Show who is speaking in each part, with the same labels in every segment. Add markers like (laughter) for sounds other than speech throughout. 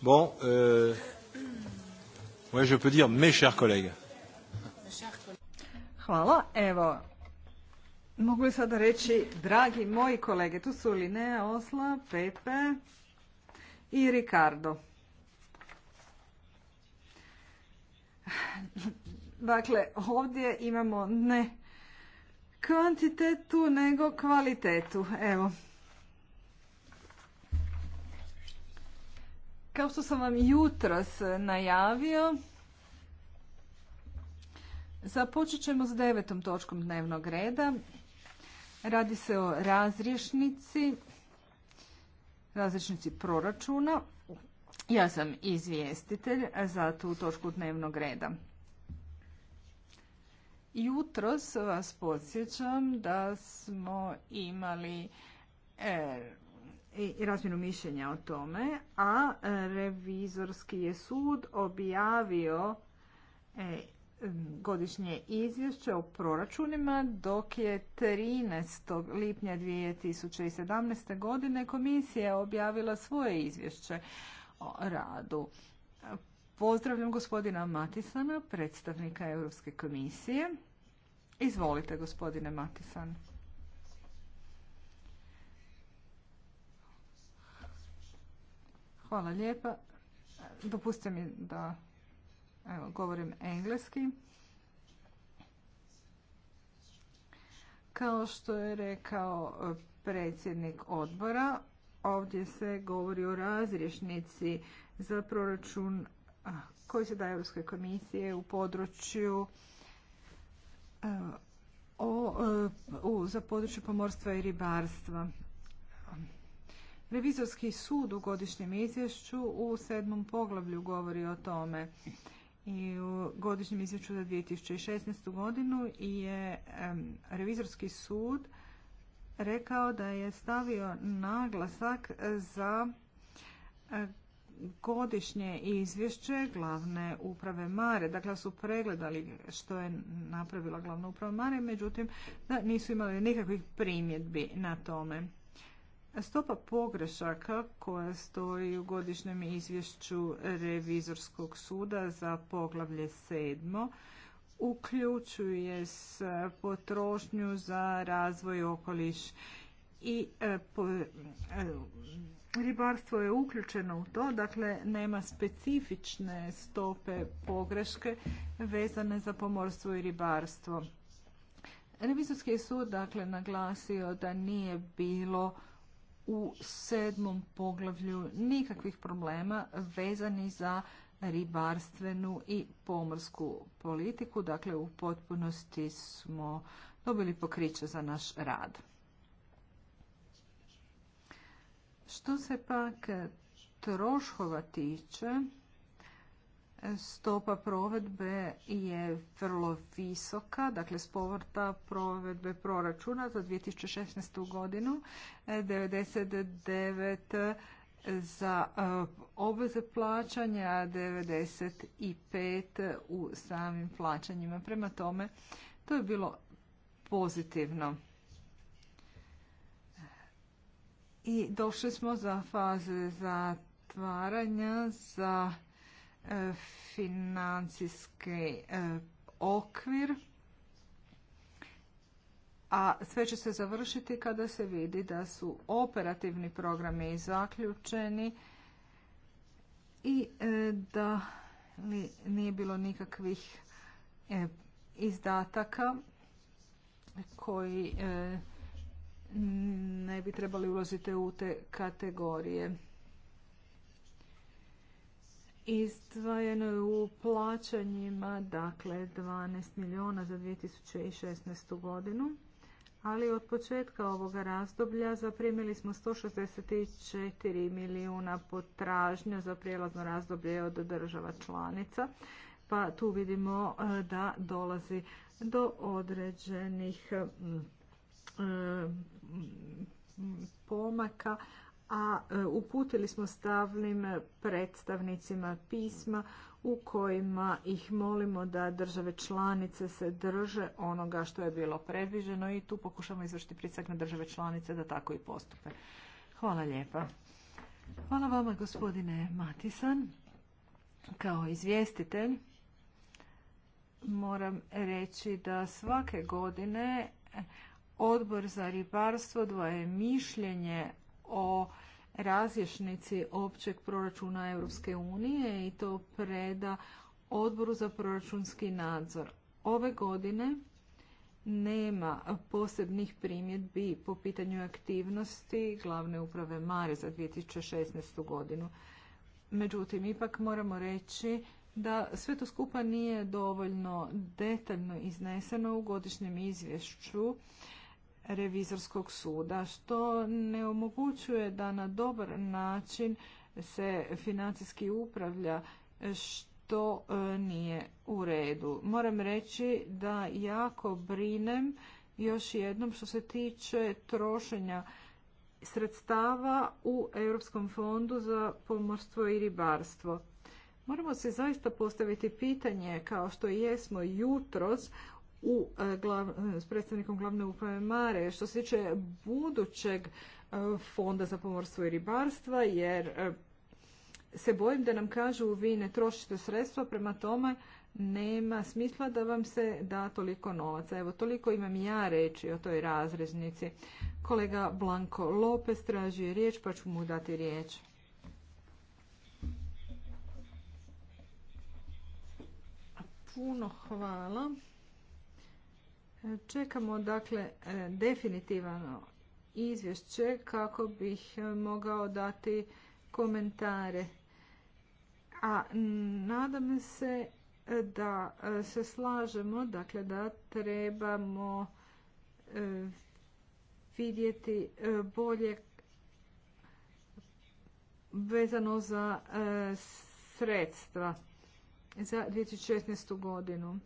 Speaker 1: Bon, euh, ouais, je peux dire mes chers collègues.
Speaker 2: Hvala, evo. Mogu li sada reći, dragi moji kolege, tu su Linea, Osla, Pepe i Ricardo. Dakle, ovdje imamo ne kvantitetu, nego kvalitetu. Evo, Kao što sam vam jutros najavio, započet ćemo s devetom točkom dnevnog reda. Radi se o razriješnici, razriješnici proračuna. Ja sam izvjestitelj za tu točku dnevnog reda. Jutros vas podsjećam da smo imali e, i razmjenu mišljenja o tome, a e, revizorski je sud objavio e, godišnje izvješće o proračunima, dok je 13. lipnja 2017. godine komisija objavila svoje izvješće o radu. Pozdravljam gospodina Matisana, predstavnika Europske komisije. Izvolite, gospodine Matisan. Hvala lijepa. Dopustite mi da govorim engleski. Kao što je rekao e, predsjednik odbora, ovdje se govori o razrješnici za proračun koji se daje Europske komisije u području e, e, za područje pomorstva i ribarstva. Revizorski sud u godišnjem izvješću u sedmom poglavlju govori o tome. I u godišnjem izvješću za 2016. godinu je revizorski sud rekao da je stavio naglasak za e, godišnje izvješće glavne uprave Mare. Dakle, su pregledali što je napravila glavna uprava Mare, međutim, da nisu imali nikakvih primjedbi na tome. Stopa pogrešaka koja stoji u godišnjem izvješću Revizorskog suda za poglavlje sedmo uključuje s potrošnju za razvoj okoliš i e, e, ribarstvo je uključeno u to, dakle nema specifične stope pogreške vezane za pomorstvo i ribarstvo. Revizorski sud dakle naglasio da nije bilo u sedmom poglavlju nikakvih problema vezani za ribarstvenu i pomorsku politiku. Dakle, u potpunosti smo dobili pokriće za naš rad. Što se pak troškova tiče, Stopa provedbe je vrlo visoka, dakle s povrta provedbe proračuna za 2016. godinu 99 za e, obveze plaćanja, 95 u samim plaćanjima. Prema tome, to je bilo pozitivno. I došli smo za faze zatvaranja za financijski e, okvir, a sve će se završiti kada se vidi da su operativni programi zaključeni i e, da nije bilo nikakvih e, izdataka koji ne bi trebali ulaziti u te kategorije izdvojeno je u plaćanjima, dakle 12 milijuna za 2016. godinu, ali od početka ovoga razdoblja zaprimili smo 164 milijuna potražnja za prijelazno razdoblje od država članica, pa tu vidimo e, da dolazi do određenih mm, e, pomaka, a e, uputili smo stavnim predstavnicima pisma u kojima ih molimo da države članice se drže onoga što je bilo predviđeno i tu pokušamo izvršiti pritisak na države članice da tako i postupe. Hvala lijepa. Hvala vama gospodine Matisan. Kao izvjestitelj moram reći da svake godine odbor za ribarstvo dvoje mišljenje o razješnici općeg proračuna Europske unije i to preda odboru za proračunski nadzor. Ove godine nema posebnih primjedbi po pitanju aktivnosti glavne uprave Mare za 2016. godinu. Međutim, ipak moramo reći da sve to skupa nije dovoljno detaljno izneseno u godišnjem izvješću revizorskog suda, što ne omogućuje da na dobar način se financijski upravlja što e, nije u redu. Moram reći da jako brinem još jednom što se tiče trošenja sredstava u Europskom fondu za pomorstvo i ribarstvo. Moramo se zaista postaviti pitanje, kao što jesmo jutros, u, e, glav, e, s predstavnikom glavne uprave Mare što se tiče budućeg e, fonda za pomorstvo i ribarstva jer se bojim da nam kažu vi ne trošite sredstva, prema tome nema smisla da vam se da toliko novaca. Evo, toliko imam ja reći o toj razreznici. Kolega Blanko Lopez traži riječ, pa ću mu dati riječ. Puno hvala. Čekamo dakle e, definitivno izvješće kako bih e, mogao dati komentare. A nadam se e, da se slažemo, dakle da trebamo vidjeti bolje vezano za sredstva za 2016. godinu.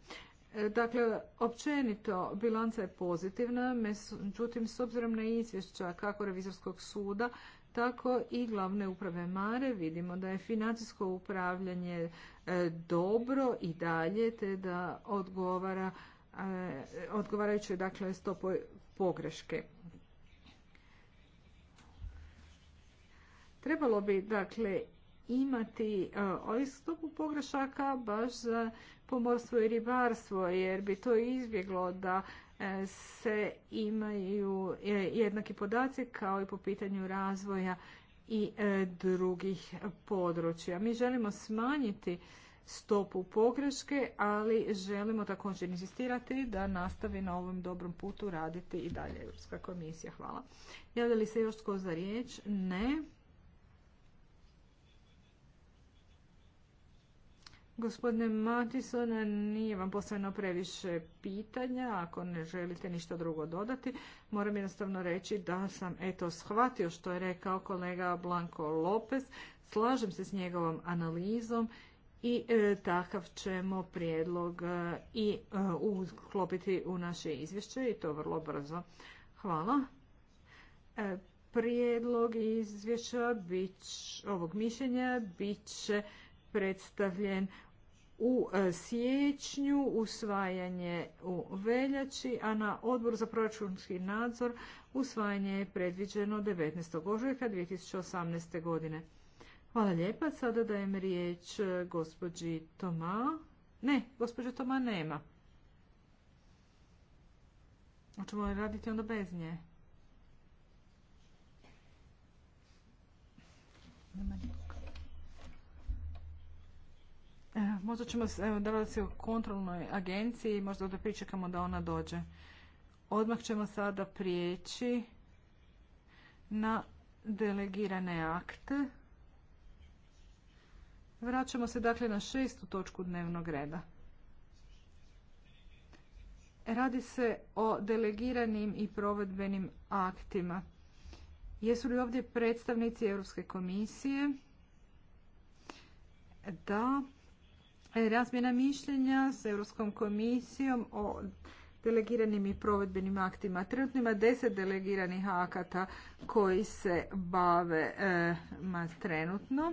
Speaker 2: Dakle, općenito bilanca je pozitivna, međutim, s obzirom na izvješća kako revizorskog suda, tako i glavne uprave Mare vidimo da je financijsko upravljanje e, dobro i dalje, te da odgovara e, odgovarajuće dakle stopu pogreške. Trebalo bi dakle imati e, stopu pogrešaka baš za pomorstvo i ribarstvo jer bi to izbjeglo da e, se imaju e, jednaki podaci kao i po pitanju razvoja i e, drugih područja. Mi želimo smanjiti stopu pogreške, ali želimo također insistirati da nastavi na ovom dobrom putu raditi i dalje Europska komisija. Hvala. Javlja li se još tko za riječ? Ne. Gospodine Matison, nije vam postavljeno previše pitanja. Ako ne želite ništa drugo dodati, moram jednostavno reći da sam eto shvatio što je rekao kolega Blanco Lopez. Slažem se s njegovom analizom i e, takav ćemo prijedlog e, i e, uklopiti u naše izvješće i to vrlo brzo. Hvala. Prijedlog izvješća bić, ovog mišljenja bit će predstavljen u e, siječnju, usvajanje u veljači, a na odboru za proračunski nadzor usvajanje je predviđeno 19. ožujka 2018. godine. Hvala lijepa. Sada dajem riječ e, gospođi Toma. Ne, gospođa Toma nema. Hoćemo li raditi onda bez nje? Nema nje. Eh, možda ćemo se u kontrolnoj agenciji, možda da pričekamo da ona dođe. Odmah ćemo sada prijeći na delegirane akte. Vraćamo se dakle na šestu točku dnevnog reda. Radi se o delegiranim i provedbenim aktima. Jesu li ovdje predstavnici Europske komisije? Da. E, razmjena mišljenja s Europskom komisijom o delegiranim i provedbenim aktima. Trenutno ima deset delegiranih akata koji se bave e, ma, trenutno.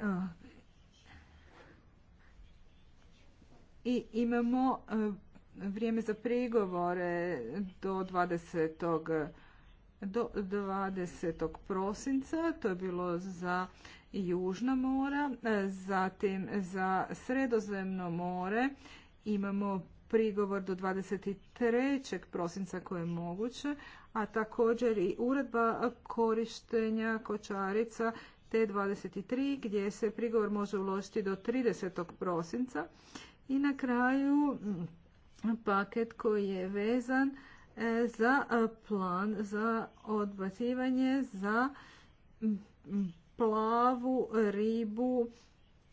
Speaker 2: E, I imamo vrijeme za prigovore do 20 do 20. prosinca, to je bilo za Južna mora, e, zatim za Sredozemno more imamo prigovor do 23. prosinca koje je moguće, a također i uredba korištenja kočarica T23 gdje se prigovor može uložiti do 30. prosinca i na kraju paket koji je vezan E, za e, plan za odbacivanje za plavu ribu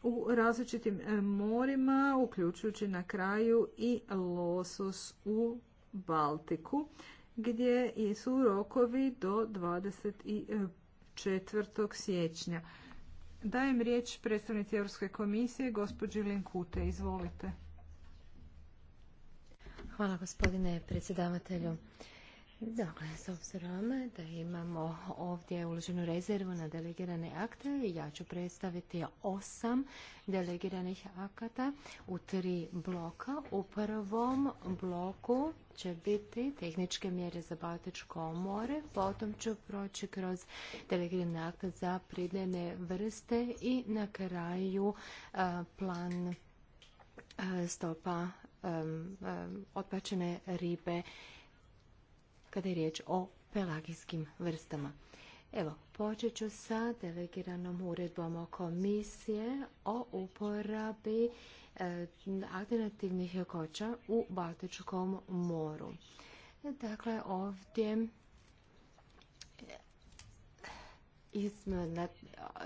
Speaker 2: u različitim e, morima, uključujući na kraju i losos u Baltiku, gdje su rokovi do 24. siječnja. Dajem riječ predstavnici Europske komisije, gospođi Linkute. Izvolite.
Speaker 3: Hvala gospodine predsjedavatelju. Dakle, s obzirom da imamo ovdje uloženu rezervu na delegirane akte, ja ću predstaviti osam delegiranih akata u tri bloka. U prvom bloku će biti tehničke mjere za Baltičko more, potom ću proći kroz delegirane akte za pridljene vrste i na kraju plan stopa otpačene ribe kada je riječ o pelagijskim vrstama. Evo, počet ću sa delegiranom uredbom komisije o uporabi alternativnih jakoća u Baltičkom moru. Dakle, ovdje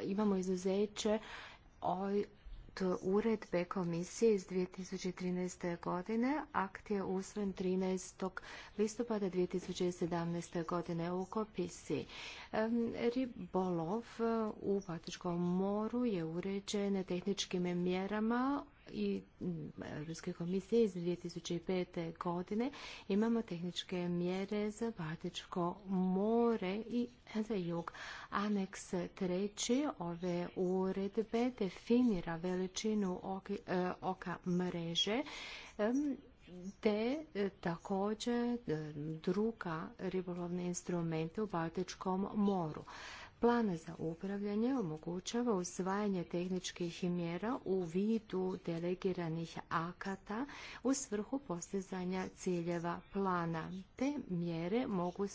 Speaker 3: imamo izuzeće od uredbe komisije iz 2013. godine. Akt je usven 13. listopada 2017. godine u Kopisi. Ribolov u Vatičkom moru je uređen tehničkim mjerama i mm, Europske komisije iz 2005. godine imamo tehničke mjere za Baltičko more i za jug. Aneks treći ove uredbe definira veličinu oka, e, oka mreže te e, također e, druga ribolovne instrumente u Baltičkom moru. Plan za upravljanje omogućava usvajanje tehničkih mjera u vidu delegiranih akata u svrhu postizanja ciljeva plana. Te mjere mogu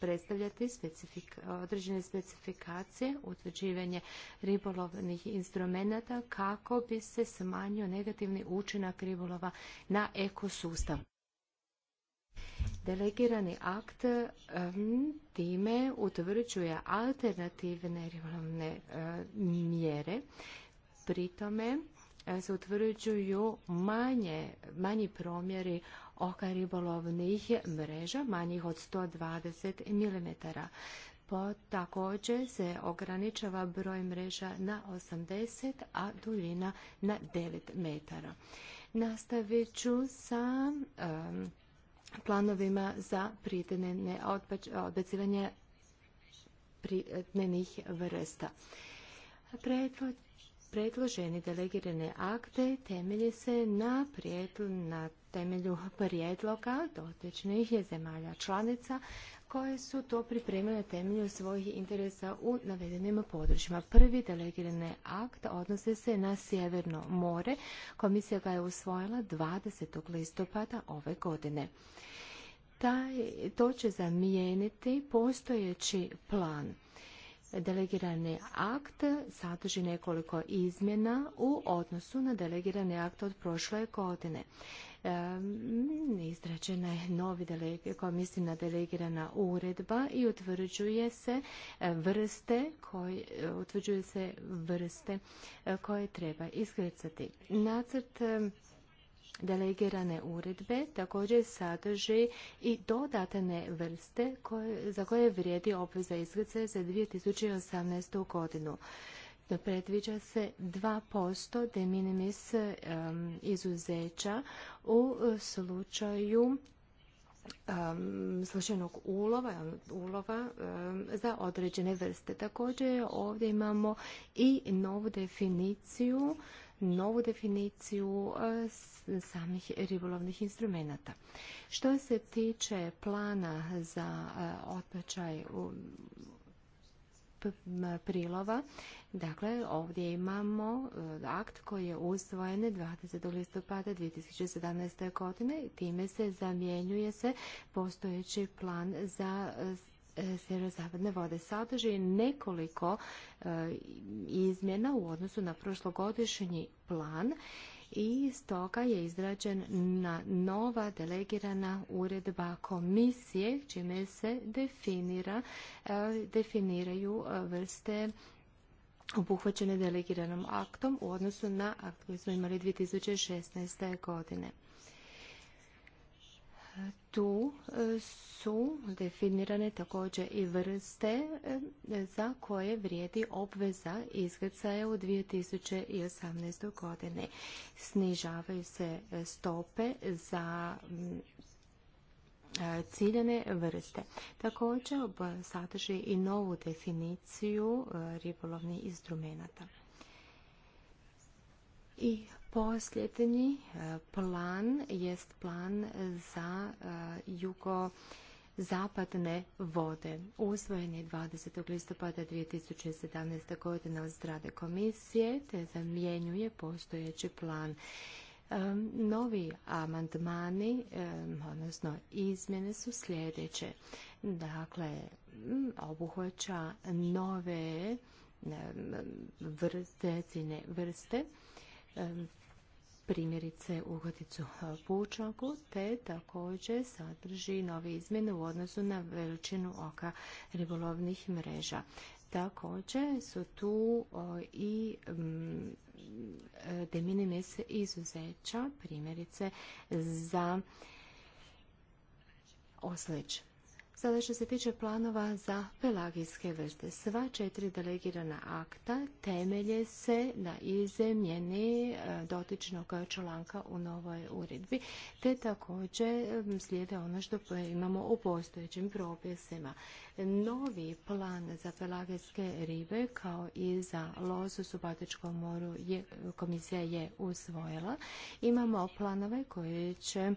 Speaker 3: predstavljati određene specifikacije, utvrđivanje ribolovnih instrumenata kako bi se smanjio negativni učinak ribolova na ekosustav. Delegirani akt time utvrđuje alternativne ribolovne e, mjere. Pri tome e, se utvrđuju manje, manji promjeri oka ribolovnih mreža, manjih od 120 mm. također se ograničava broj mreža na 80, a duljina na 9 metara. Nastavit ću sa planovima za prijednevne odbacivanje prijednevnih vrsta predloženi delegirane akte temelje se na, prijedl, na temelju prijedloga dotičnih zemalja članica koje su to pripremile na temelju svojih interesa u navedenim područjima. Prvi delegirani akt odnose se na Sjeverno more. Komisija ga je usvojila 20. listopada ove godine. Taj, to će zamijeniti postojeći plan. Delegirani akt sadrži nekoliko izmjena u odnosu na delegirani akt od prošle godine. E, izrađena je novi na delegirana uredba i utvrđuje se e, vrste koje, e, se vrste koje treba iskrcati. Nacrt delegirane uredbe također sadrži i dodatne vrste za koje vrijedi obveza izgleda za 2018. godinu. Predviđa se 2% de minimis izuzeća u slučaju slučajnog ulova, ulova za određene vrste. Također ovdje imamo i novu definiciju novu definiciju e, samih ribolovnih instrumenata. Što se tiče plana za e, otpačaj prilova. Dakle, ovdje imamo e, akt koji je usvojen 20. listopada 2017. godine i time se zamjenjuje se postojeći plan za E, sjeverozapadne vode. Sadrži nekoliko e, izmjena u odnosu na prošlogodišnji plan i stoga je izrađen na nova delegirana uredba komisije čime se definira, e, definiraju vrste obuhvaćene delegiranom aktom u odnosu na akt koji smo imali 2016. godine. Tu e, su definirane također i vrste e, za koje vrijedi obveza izgrcaja u 2018. godine. Snižavaju se stope za e, ciljene vrste. Također sadrži i novu definiciju ribolovnih instrumenta. I Posljednji e, plan jest plan za e, jugo zapadne vode. Usvojen je 20. listopada 2017. godine od strade komisije te zamjenjuje postojeći plan. E, novi amandmani, odnosno izmjene su sljedeće. Dakle, obuhvaća nove vrste, cine vrste, primjerice ugoticu e, pučanku, te također sadrži nove izmjene u odnosu na veličinu oka ribolovnih mreža. Također su tu e, i mm, e, de se izuzeća, primjerice za oslič. Sada što se tiče planova za pelagijske vrste, sva četiri delegirana akta temelje se na izemljeni e, dotičnog članka u novoj uredbi, te također slijede ono što imamo u postojećim propisima. Novi plan za pelagijske ribe kao i za lozu u Subatičkom moru komisija je usvojila. Imamo planove koje će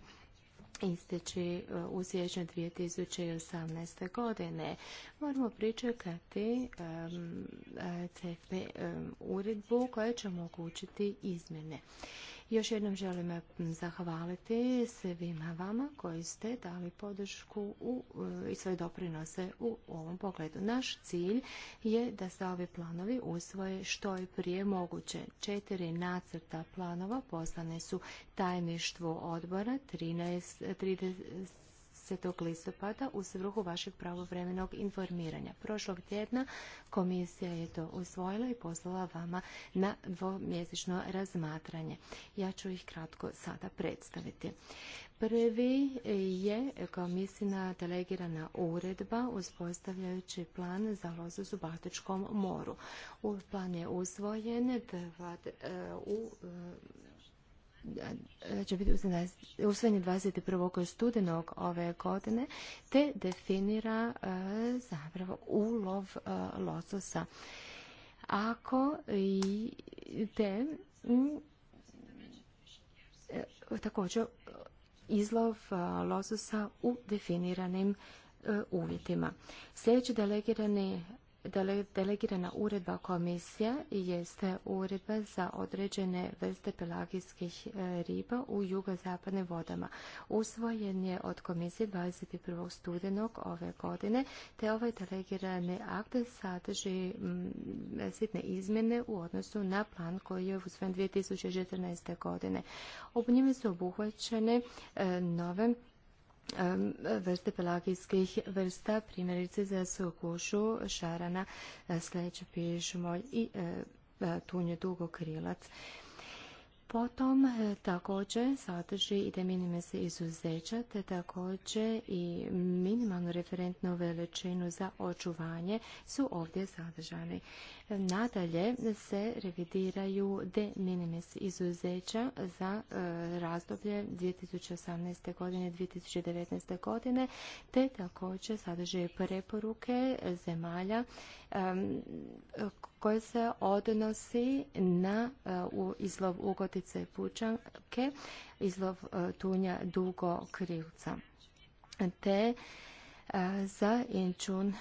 Speaker 3: isteći e, u siječnju 2018. godine. Moramo pričekati e, uredbu koja će omogućiti izmjene. Još jednom želim eh, zahvaliti svima vama koji ste dali podršku eh, i svoje doprinose u ovom pogledu. Naš cilj je da se ovi planovi usvoje što je prije moguće. Četiri nacrta planova poslane su tajništvu odbora 13, 30, 20. listopada u svrhu vašeg pravovremenog informiranja. Prošlog tjedna komisija je to usvojila i poslala vama na dvomjesečno razmatranje. Ja ću ih kratko sada predstaviti. Prvi je komisina delegirana uredba uspostavljajući plan za lozu u Baltičkom moru. Plan je usvojen e, u će biti usvojen 21. studenog ove godine, te definira e, zapravo ulov e, lososa. Ako i te e, također izlov lososa u definiranim uvjetima. Sljedeći delegirani delegirana uredba komisije jest uredba za određene vrste pelagijskih e, riba u jugozapadnim vodama. Usvojen je od komisije 21. studenog ove godine, te ovaj delegirani akt sadrži mm, sitne izmjene u odnosu na plan koji je usvojen 2014. godine. U njime su obuhvaćene e, nove vrste pelagijskih vrsta, primjerice za sukušu, šarana, e, sleće pižmolj i e, e, tunje dugokrilac. krilac Potom e, također sadrži i de minimis izuzeća, te također i minimalnu referentnu veličinu za očuvanje su ovdje sadržani. E, nadalje se revidiraju de minimis izuzeća za e, razdoblje 2018. godine 2019. godine, te također sadrže preporuke zemalja koje se odnosi na e, izlov ugotice pučanke, izlov e, tunja dugo krivca, te e, za inčun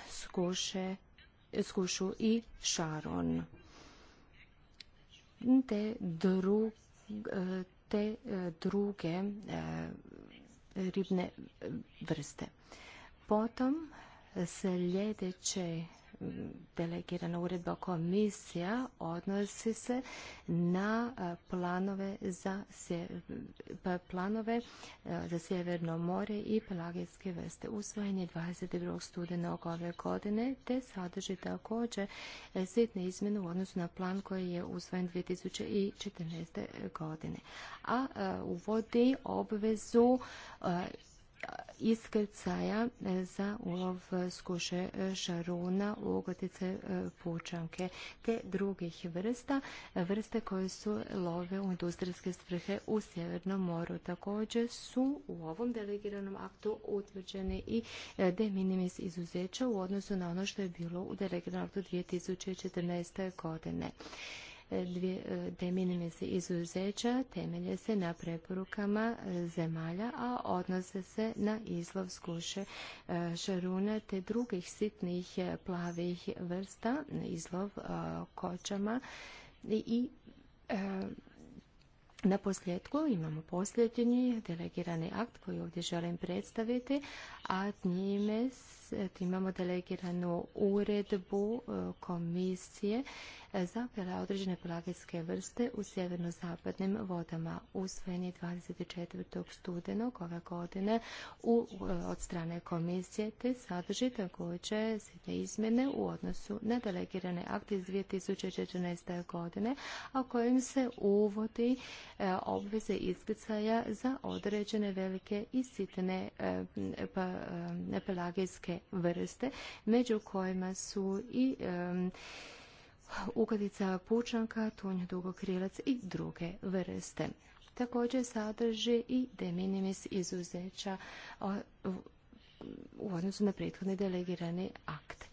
Speaker 3: skušu i šaron, te, te druge ribne vrste. Potom sljedeće delegirana uredba komisija odnosi se na planove za pa planove za Sjeverno more i pelagijske vrste. Usvojen je 22. studenog ove godine te sadrži također e, sitne izmjene u odnosu na plan koji je usvojen 2014. godine. A uvodi obvezu iskrcaja e, za ulov e, skuše e, šaruna, ugotice pučanke te drugih vrsta, vrste koje su love u industrijske svrhe u Sjevernom moru. Također su u ovom delegiranom aktu utvrđene i de minimis izuzeća u odnosu na ono što je bilo u delegiranom aktu 2014. godine dvije de minimis izuzeća temelje se na preporukama e, zemalja, a odnose se na izlov skuše e, šaruna te drugih sitnih e, plavih vrsta, izlov kočama i na posljedku imamo posljednji delegirani akt koji ovdje želim predstaviti, a njime imamo delegiranu uredbu e, komisije e, za određene pelagijske vrste u sjeverno-zapadnim vodama. Usvojen je 24. studenog ove godine e, od strane komisije te sadrži također sitne izmjene u odnosu na delegirane akte iz 2014. godine, a kojim se uvodi obveze iskrcaja za određene velike i sitne pa, pelagijske vrste, među kojima su i ugodica pučanka, tunj dugokrilac i druge vrste. Također sadrži i de minimis izuzeća u odnosu na prethodni delegirani akt.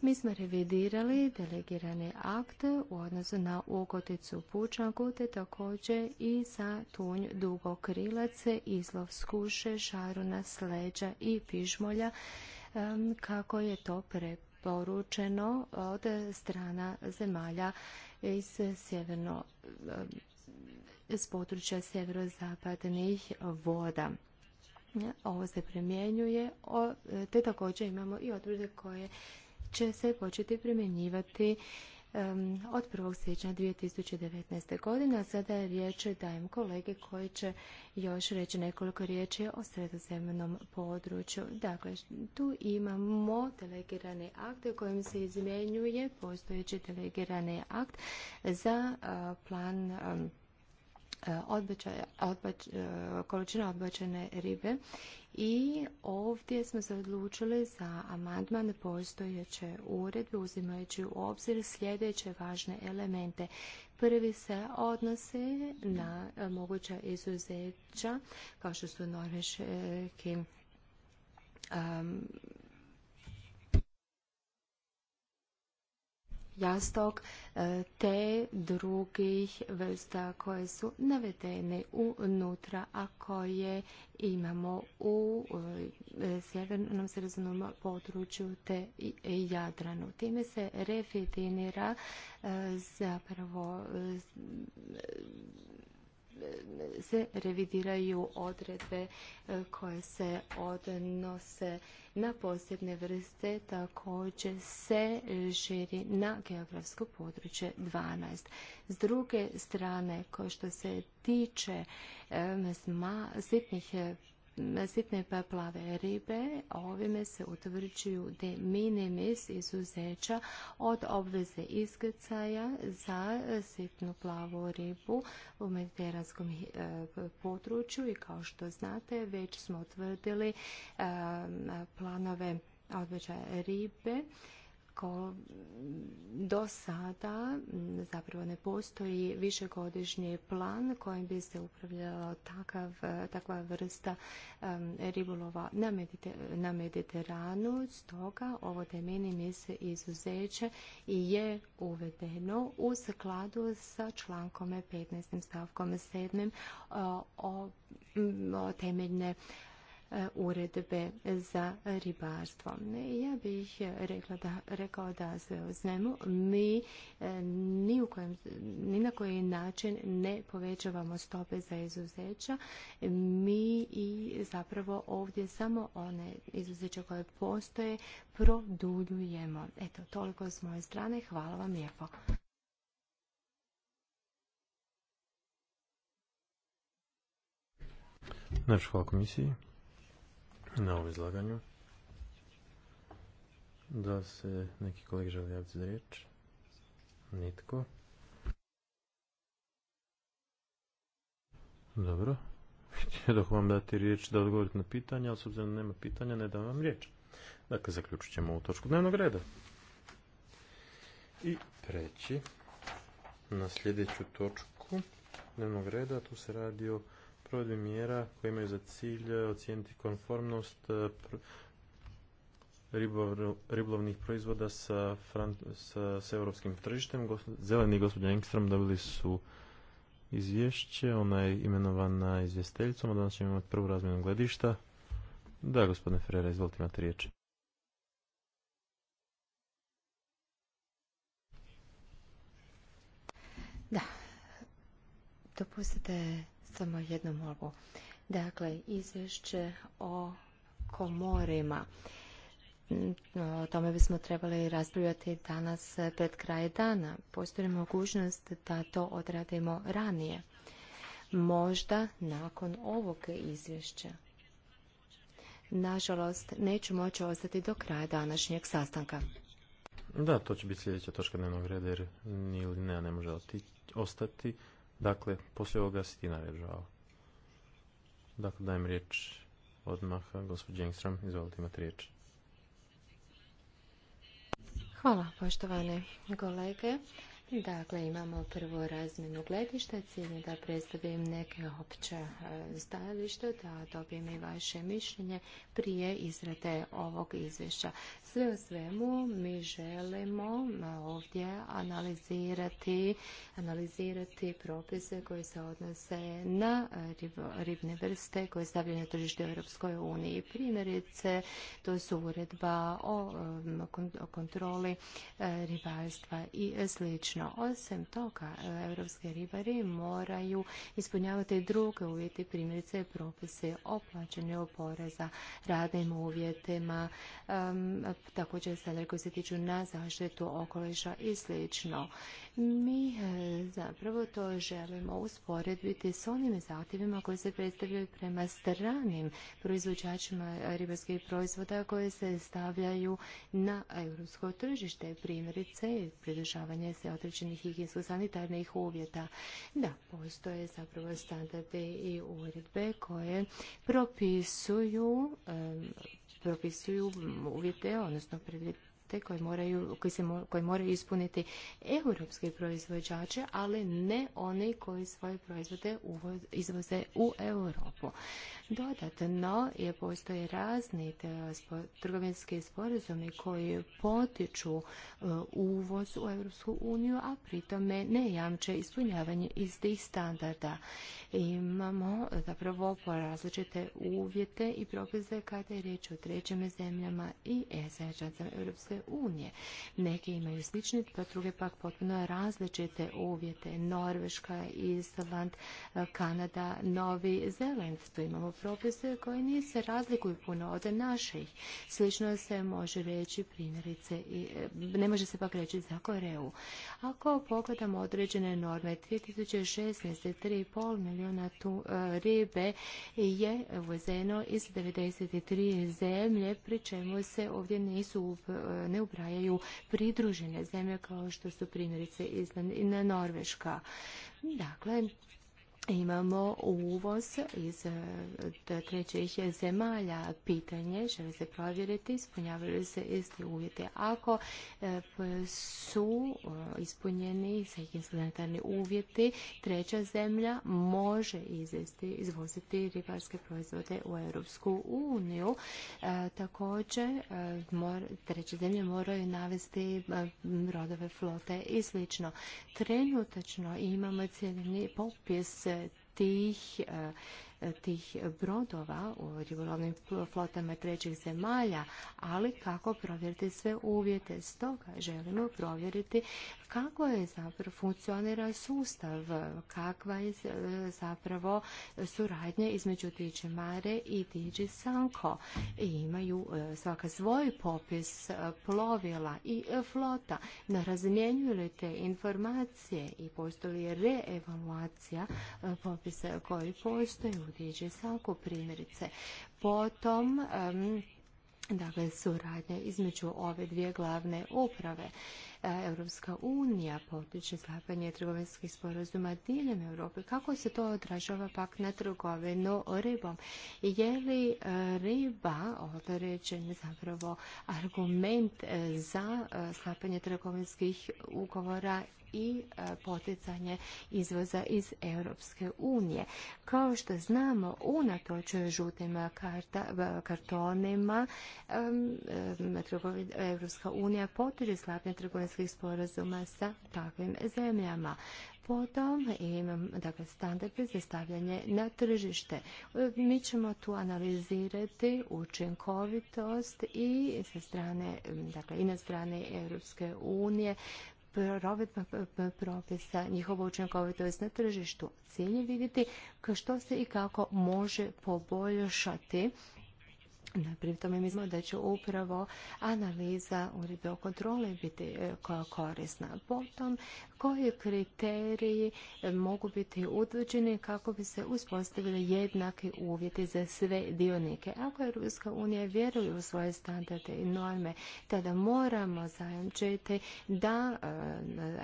Speaker 3: Mi smo revidirali delegirani akt u odnosu na ugodicu pučanku, te također i za tunj krilace, izlov skuše, šaruna, sleđa i pižmolja, kako je to preporučeno od strana zemalja iz sjeverno s područja sjeverozapadnih voda. Ovo se primjenjuje, te također imamo i odredbe koje će se početi primjenjivati od 1. siječnja 2019. godine, a sada je riječ dajem kolege koji će još reći nekoliko riječi o sredozemnom području. Dakle, tu imamo delegirani akt u kojem se izmjenjuje postojeći delegirani akt za plan E, količina odbačene ribe i ovdje smo se odlučili za amandman postojeće uredbe uzimajući u obzir sljedeće važne elemente. Prvi se odnose na moguća izuzeća kao što su norveški jastog e, te drugih vrsta koje su navedene unutra, a koje imamo u e, sjevernom području te Jadranu. Time se refitinira e, zapravo se revidiraju odredbe e, koje se odnose na posebne vrste, također se širi na geografsko područje 12. S druge strane, što se tiče sitnih sitne pa plave ribe, ovime se utvrđuju de minimis izuzeća od obveze iskrcaja za sitnu plavu ribu u mediteranskom eh, području i kao što znate već smo utvrdili eh, planove odveđaja ribe ko do sada zapravo ne postoji višegodišnji plan kojim bi se upravljala takav, takva vrsta ribolova na, Mediteranu. Stoga ovo de minimis izuzeće je uvedeno u skladu sa člankom 15. stavkom 7. o, o temeljne uredbe za ribarstvo. Ja bih rekla da, rekao da sve uznemo. Mi e, ni, na koji način ne povećavamo stope za izuzeća. Mi i zapravo ovdje samo one izuzeća koje postoje produljujemo. Eto, toliko s moje strane. Hvala vam lijepo.
Speaker 1: hvala komisiji na ovom izlaganju. Da se neki kolege žele javiti za riječ? Nitko. Dobro. Htio (laughs) vam dati riječ da odgovorite na pitanje, ali s obzirom da nema pitanja, ne dam vam riječ. Dakle, zaključit ćemo ovu točku dnevnog reda. I preći na sljedeću točku dnevnog reda. Tu se radi o provedbi mjera koje imaju za cilj eh, ocijeniti konformnost eh, ribolovnih proizvoda sa, europskim tržištem. Zeleni gospođa Engström dobili su izvješće, ona je imenovana izvjesteljicom, a danas ćemo imati prvu razmjenu gledišta. Da, gospodine Ferreira, izvolite imate riječ.
Speaker 3: Da, dopustite samo jednu molbu. Dakle, izvješće o komorima. O tome bismo trebali raspravljati danas pred kraj dana. Postoji mogućnost da to odradimo ranije. Možda nakon ovog izvješća. Nažalost, neću moći ostati do kraja današnjeg sastanka.
Speaker 1: Da, to će biti sljedeća točka dnevnog reda jer ni ne može ostati. Dakle, poslije ovoga si ti naređao. Dakle, dajem riječ odmah gospođi Engstrom. Izvolite, imati riječ.
Speaker 3: Hvala, poštovane kolege. Dakle, imamo prvo razmenu gledišta, cilj da predstavim neke opće stajalište, da dobijem i vaše mišljenje prije izrade ovog izvješća. Sve o svemu mi želimo e, ovdje analizirati, analizirati propise koje se odnose na e, ribne vrste koje stavljaju na tržište u Europskoj uniji. Primjerice, to su uredba o e, kontroli ribarstva i slično. Osim toga, europski ribari moraju ispunjavati druge uvjeti primjerice propise o plaćanju poreza, radnim uvjetima, također standard koji se tiču na zaštitu okoliša i sl. Mi e, zapravo to želimo usporediti s onim zahtjevima koji se predstavljaju prema stranim proizvođačima ribarskih proizvoda koje se stavljaju na europsko tržište, primjerice pridržavanje se od određenih higijensko-sanitarnih uvjeta. Da, postoje zapravo standarde i uredbe koje propisuju propisuju uvjete, odnosno koje moraju, koji se, koje moraju ispuniti europske proizvođače, ali ne oni koji svoje proizvode uvoz, izvoze u Europu. Dodatno je postoje razni trgovinski sporazumi koji potiču e, uvoz u Europsku uniju, a pritome ne jamče ispunjavanje istih standarda. Imamo zapravo različite uvjete i propise kada je riječ o trećim zemljama i za e, Europske unije. Neke imaju slične, pa druge pak potpuno različite uvjete. Norveška, Island, Kanada, Novi Zeland. Tu imamo propise koji nije se razlikuju puno od naših. Slično se može reći primjerice, i, e, ne može se pak reći za Koreu. Ako pogledamo određene norme, 2016. 3,5 milijuna tu e, ribe je uvezeno iz 93 zemlje, pri čemu se ovdje nisu e, ne ubrajaju pridružene zemlje kao što su primjerice Island i Norveška. Dakle, imamo uvoz iz e, trećih zemalja. Pitanje žele se provjeriti, ispunjavaju li se isti uvjeti. Ako e, su e, ispunjeni svi sanitarni uvjeti, treća zemlja može izvesti, izvoziti ribarske proizvode u Europsku uniju. Također, treće zemlje moraju navesti rodove flote i sl. Trenutačno imamo cijeli popis tih eh, tih brodova u ribolovnim flotama trećih zemalja, ali kako provjeriti sve uvjete. Stoga želimo provjeriti kako je zapravo funkcionira sustav, kakva je e, zapravo suradnja između Tiđe Mare i Tiđe Sanko. I imaju e, svaka svoj popis e, plovila i flota. Na razmjenjuju li te informacije i postoji li reevaluacija popisa koji postoji u vijeće Salku primjerice. Potom dakle suradnja između ove dvije glavne uprave. E, Europska unija potiče sklapanje trgovinskih sporazuma diljem Europe. Kako se to odražava pak na trgovinu ribom? Je li e, riba određen zapravo argument e, za sklapanje trgovinskih ugovora i e, poticanje izvoza iz Europske unije. Kao što znamo, unatoč žutim kartonima, Europska unija potiže slabnje trgovinskih sporazuma sa takvim zemljama. Potom imam dakle, standarde za stavljanje na tržište. Mi ćemo tu analizirati učinkovitost i sa strane, dakle, i na strane Europske unije provedba propisa, njihovo učinkovitost na tržištu. Cilj je vidjeti što se i kako može poboljšati Pri tome mislimo da će upravo analiza uredbe o kontrole biti e, korisna. Potom koji kriteriji mogu biti utvrđeni kako bi se uspostavili jednaki uvjeti za sve dionike. Ako Ruska unija vjeruje u svoje standarde i norme, tada moramo zajamčiti da e,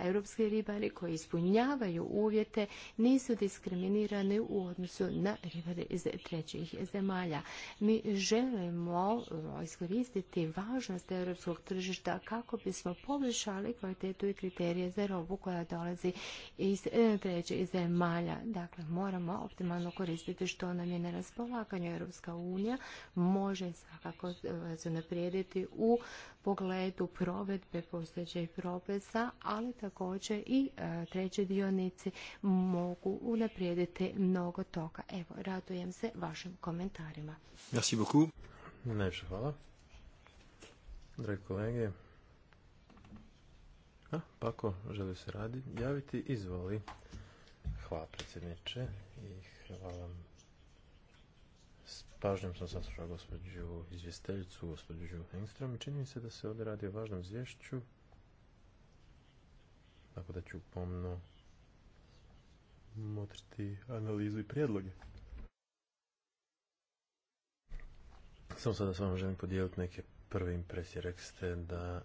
Speaker 3: europski ribari koji ispunjavaju uvjete nisu diskriminirani u odnosu na ribare iz trećih zemalja. Mi želimo e, iskoristiti važnost europskog tržišta kako bismo poboljšali kvalitetu i kriterije za robu koja dolazi iz e, trećih zemalja. Dakle, moramo optimalno koristiti što nam je na raspolaganju. Europska unija može svakako e, se naprijediti u pogledu provedbe postojećih propisa, ali također i e, treći dionici mogu unaprijediti mnogo toga. Evo, radujem se vašim komentarima.
Speaker 1: Merci beaucoup. hvala. Dragi kolege, a, pa ako želi se radi, javiti, izvoli. Hvala predsjedniče i hvala s pažnjom sam saslušao gospođu izvjesteljicu, gospođu Hengstrom i čini mi se da se ovdje radi o važnom izvješću tako da ću pomno motriti analizu i prijedloge. Samo sada s vama želim podijeliti neke prve impresije. Rekli ste da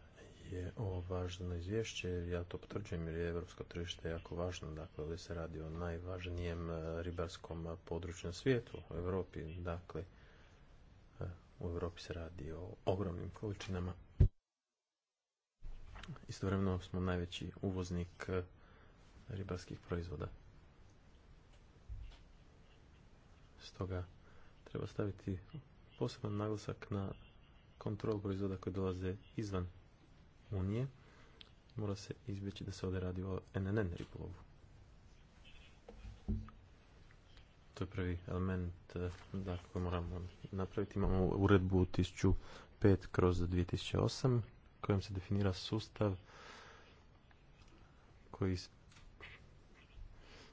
Speaker 1: je ovo važno izvješće, ja to potvrđujem jer je evropsko tržište jako važno, dakle ovdje se radi o najvažnijem e, ribarskom području na svijetu, u Europi, dakle e, u Europi se radi o ogromnim količinama. Istovremeno smo najveći uvoznik e, ribarskih proizvoda. Stoga treba staviti poseban naglasak na kontrol proizvoda koji dolaze izvan unije, mora se izbjeći da se ovdje radi o NNN To je prvi element eh, da dakle, koji moramo napraviti. Imamo uredbu 1005 kroz 2008 kojom se definira sustav koji,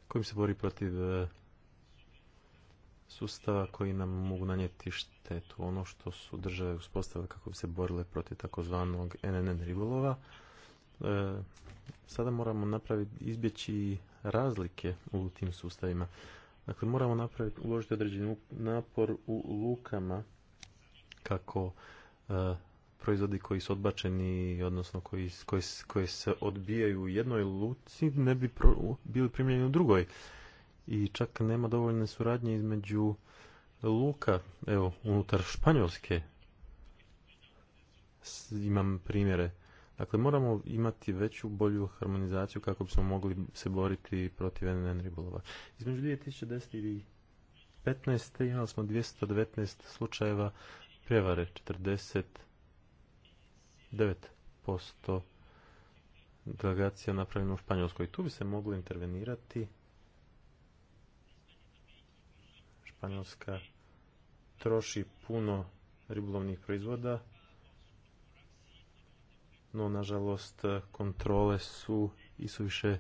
Speaker 1: kojim se bori protiv eh, sustava koji nam mogu nanijeti štetu. Ono što su države uspostavile kako bi se borile protiv takozvanog NNN ribolova, e, sada moramo napraviti, izbjeći razlike u tim sustavima. Dakle, moramo napraviti, uložiti određeni napor u lukama kako e, proizvodi koji su odbačeni, odnosno koji, koji, koji se odbijaju u jednoj luci, ne bi bili primljeni u drugoj i čak nema dovoljne suradnje između luka, evo, unutar Španjolske. Imam primjere. Dakle, moramo imati veću, bolju harmonizaciju kako bismo mogli se boriti protiv NN ribolova. Između 2010. i 2015. imali smo 219 slučajeva prijevare, 49% delegacija napravljena u Španjolskoj. Tu bi se moglo intervenirati Španjolska troši puno ribolovnih proizvoda, no nažalost kontrole su i su više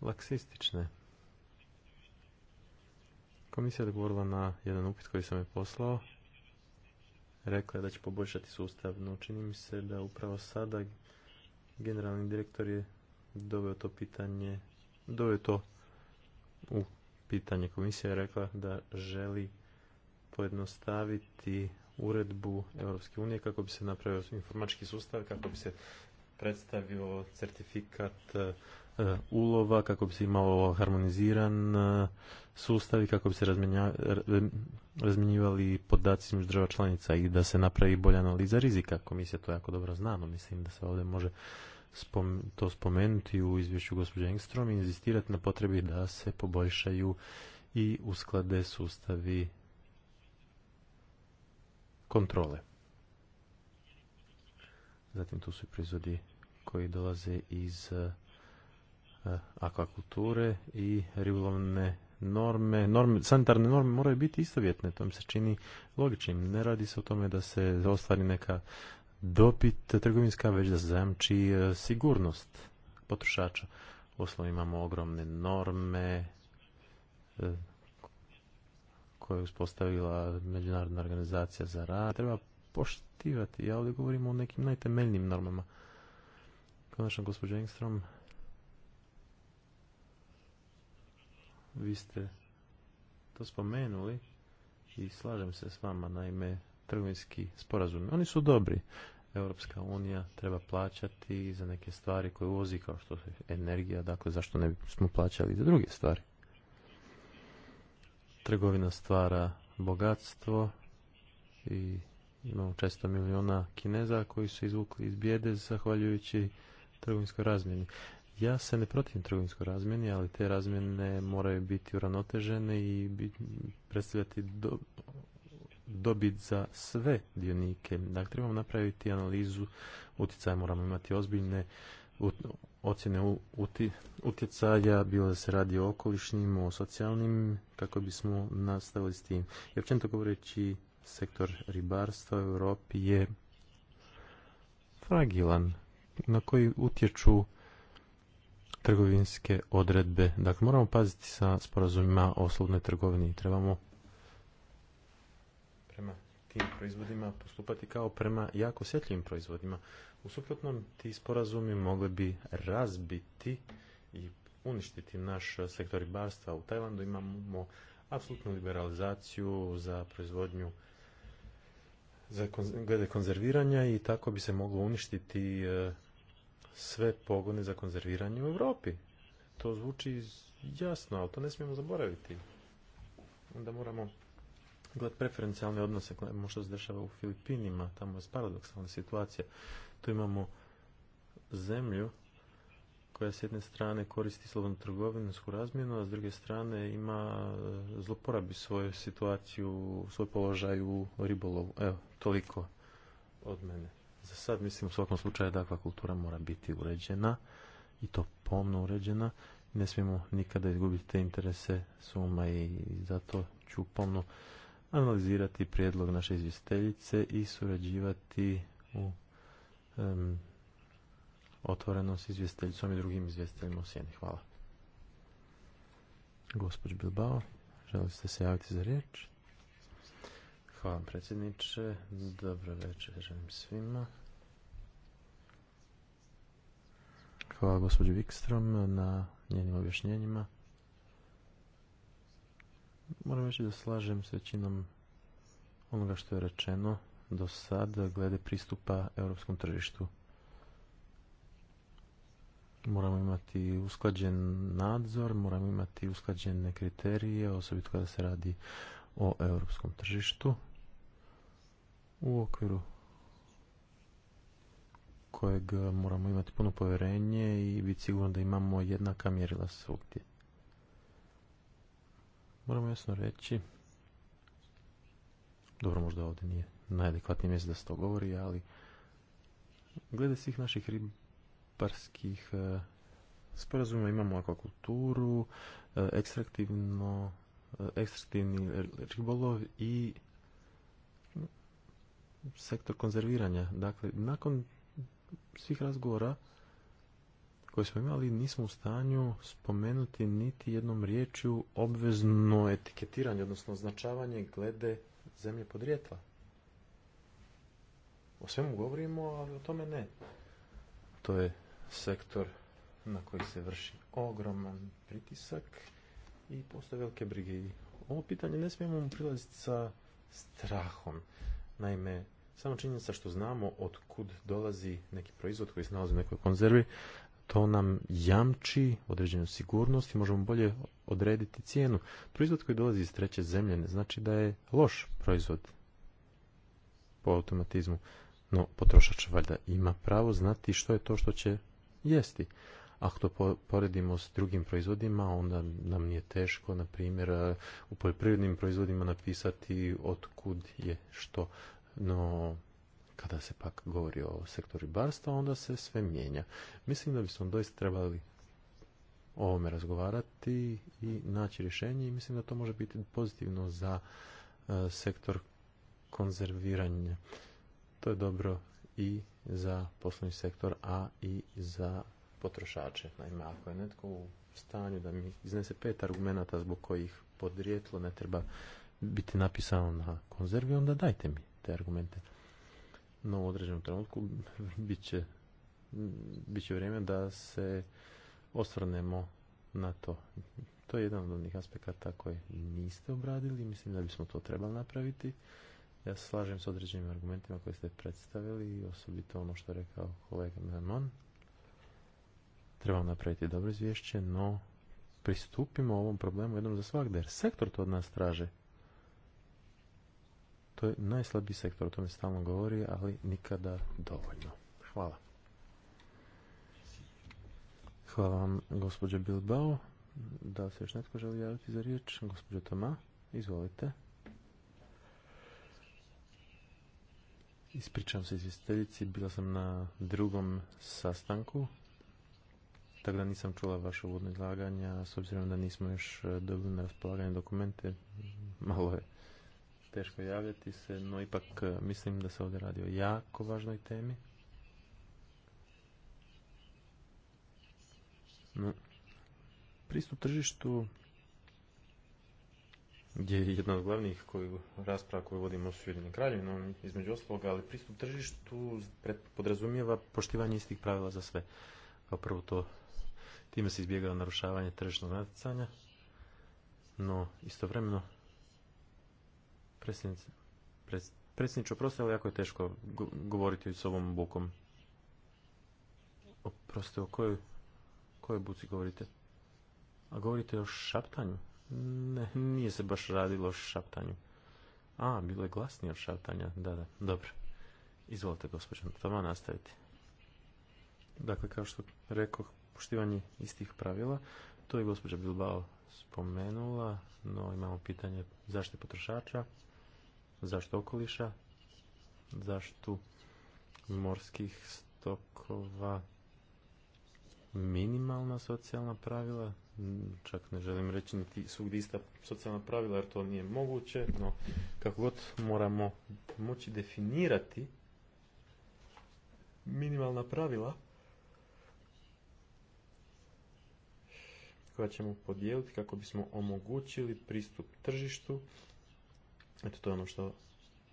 Speaker 1: laksistične. Komisija je odgovorila na jedan upit koji sam je poslao. Rekla je da će poboljšati sustav, no čini mi se da upravo sada generalni direktor je doveo to pitanje, doveo to u pitanje. Komisija je rekla da želi pojednostaviti uredbu Europske unije kako bi se napravio informački sustav, kako bi se predstavio certifikat e, ulova, kako bi se imao harmoniziran e, sustav i kako bi se e, razmjenjivali podaci između država članica i da se napravi bolja analiza rizika. Komisija to jako dobro zna, no mislim da se ovdje može to spomenuti u izvješću gospođe Engstrom i inzistirati na potrebi da se poboljšaju i usklade sustavi kontrole. Zatim tu su i proizvodi koji dolaze iz eh, akvakulture i ribolovne norme, norme, sanitarne norme moraju biti istovjetne, to mi se čini logičnim. Ne radi se o tome da se ostvari neka dobit trgovinska, već da zajamči e, sigurnost potrošača. osnovu imamo ogromne norme e, koje je uspostavila Međunarodna organizacija za rad. Treba poštivati. Ja ovdje govorim o nekim najtemeljnim normama. Konačno, gospođo Engstrom, vi ste to spomenuli i slažem se s vama, naime, trgovinski sporazumi. Oni su dobri. Europska unija treba plaćati za neke stvari koje uvozi kao što je energija, dakle zašto ne bismo plaćali za druge stvari. Trgovina stvara bogatstvo i imamo često miliona Kineza koji su izvukli iz bijede zahvaljujući trgovinskoj razmjeni. Ja se ne protivim trgovinskoj razmjeni, ali te razmjene moraju biti uravnotežene i predstavljati do, dobit za sve dionike. Dakle, trebamo napraviti analizu utjecaja, moramo imati ozbiljne ocjene utjecaja, bilo da se radi o okolišnim, o socijalnim, kako bismo nastavili s tim. I općenito govoreći, sektor ribarstva u Europi je fragilan, na koji utječu trgovinske odredbe. Dakle, moramo paziti sa sporazumima o slobodnoj trgovini. Trebamo tim proizvodima postupati kao prema jako osjetljivim proizvodima. U suprotnom, ti sporazumi mogli bi razbiti i uništiti naš sektor ribarstva. U Tajlandu imamo apsolutnu liberalizaciju za proizvodnju za glede konzerviranja i tako bi se moglo uništiti e, sve pogone za konzerviranje u Europi. To zvuči jasno, ali to ne smijemo zaboraviti. Onda moramo gled preferencijalne odnose koje možda se dešava u Filipinima, tamo je paradoksalna situacija. Tu imamo zemlju koja s jedne strane koristi slobodnu trgovinsku razmjenu, a s druge strane ima e, zloporabi svoju situaciju, svoj položaj u ribolovu. Evo, toliko od mene. Za sad mislim u svakom slučaju da kultura mora biti uređena i to pomno uređena. Ne smijemo nikada izgubiti te interese suma i zato ću pomno analizirati prijedlog naše izvjestiteljice i surađivati u um, otvoreno s izvjestiteljicom i drugim izvjestiteljima u sjeni. Hvala. Gospodin Bilbao, želite se javiti za riječ? Hvala predsjedniče, dobro večer želim svima. Hvala gospođu Wikstrom na njenim objašnjenjima. Moram reći da slažem s većinom onoga što je rečeno do sada glede pristupa europskom tržištu. Moramo imati usklađen nadzor, moramo imati usklađene kriterije, osobito kada se radi o europskom tržištu u okviru kojeg moramo imati puno povjerenje i biti sigurno da imamo jednaka mjerila svugdje. Moramo jasno reći, dobro možda ovdje nije najadekvatnije mjesto da se to govori, ali glede svih naših ribarskih e, sporazuma imamo akvakulturu, e, ekstraktivno, e, ekstraktivni ribolov i sektor konzerviranja. Dakle, nakon svih razgovora koje smo imali nismo u stanju spomenuti niti jednom riječju obvezno etiketiranje, odnosno označavanje glede zemlje podrijetla. O svemu govorimo, ali o tome ne. To je sektor na koji se vrši ogroman pritisak i postoje velike brige. Ovo pitanje ne smijemo prilaziti sa strahom. Naime, samo činjenica što znamo od kud dolazi neki proizvod koji se nalazi u nekoj konzervi to nam jamči određenu sigurnost i možemo bolje odrediti cijenu. Proizvod koji dolazi iz treće zemlje ne znači da je loš proizvod po automatizmu, no potrošač valjda ima pravo znati što je to što će jesti. Ako to poredimo s drugim proizvodima, onda nam nije teško, na primjer, e, u poljoprivrednim proizvodima napisati otkud je što. No, kada se pak govori o sektoru ribarstva, onda se sve mijenja. Mislim da bismo doista trebali o ovome razgovarati i naći rješenje i mislim da to može biti pozitivno za e, sektor konzerviranja. To je dobro i za poslovni sektor, a i za potrošače. Naime, ako je netko u stanju da mi iznese pet argumenata zbog kojih podrijetlo ne treba biti napisano na konzervi, onda dajte mi te argumente no u određenom trenutku (laughs) bit će, vrijeme da se osvrnemo na to. To je jedan od onih aspekata koje niste obradili, mislim da bismo to trebali napraviti. Ja se slažem s određenim argumentima koje ste predstavili osobito ono što je rekao kolega Merman. Trebamo napraviti dobro izvješće, no pristupimo ovom problemu jednom za svakda, jer sektor to od nas traže. To je najslabiji sektor, o tome stalno govori, ali nikada dovoljno. Hvala. Hvala vam, gospođe Bilbao. Da li se još netko želi javiti za riječ? Gospođo Toma, izvolite. Ispričam se izvjestiteljici, bila sam na drugom sastanku, tako da nisam čula vaše uvodne izlaganja, s obzirom da nismo još e, dobili na raspolaganje dokumente, malo je teško javljati se, no ipak e, mislim da se ovdje radi o jako važnoj temi. No, pristup tržištu gdje je jedna od glavnih koju, rasprava koju vodimo u Ujedinim kraljevinom, između osloga, ali pristup tržištu podrazumijeva poštivanje istih pravila za sve. Kao prvo to, time se izbjegava narušavanje tržišnog natjecanja, no istovremeno predsjedniče, oprostite, ali jako je teško govoriti s ovom bukom. Oprostite, o kojoj, buci govorite? A govorite o šaptanju? Ne, nije se baš radilo o šaptanju. A, bilo je glasnije od šaptanja, da, da, dobro. Izvolite, gospođo, tamo nastaviti. Dakle, kao što rekao, poštivanje istih pravila, to je gospođa Bilbao spomenula, no imamo pitanje zaštite potrošača zaštitu okoliša, zaštitu morskih stokova, minimalna socijalna pravila, čak ne želim reći niti svugdje ista socijalna pravila jer to nije moguće, no kako god moramo moći definirati minimalna pravila koja ćemo podijeliti kako bismo omogućili pristup tržištu Eto, to je ono što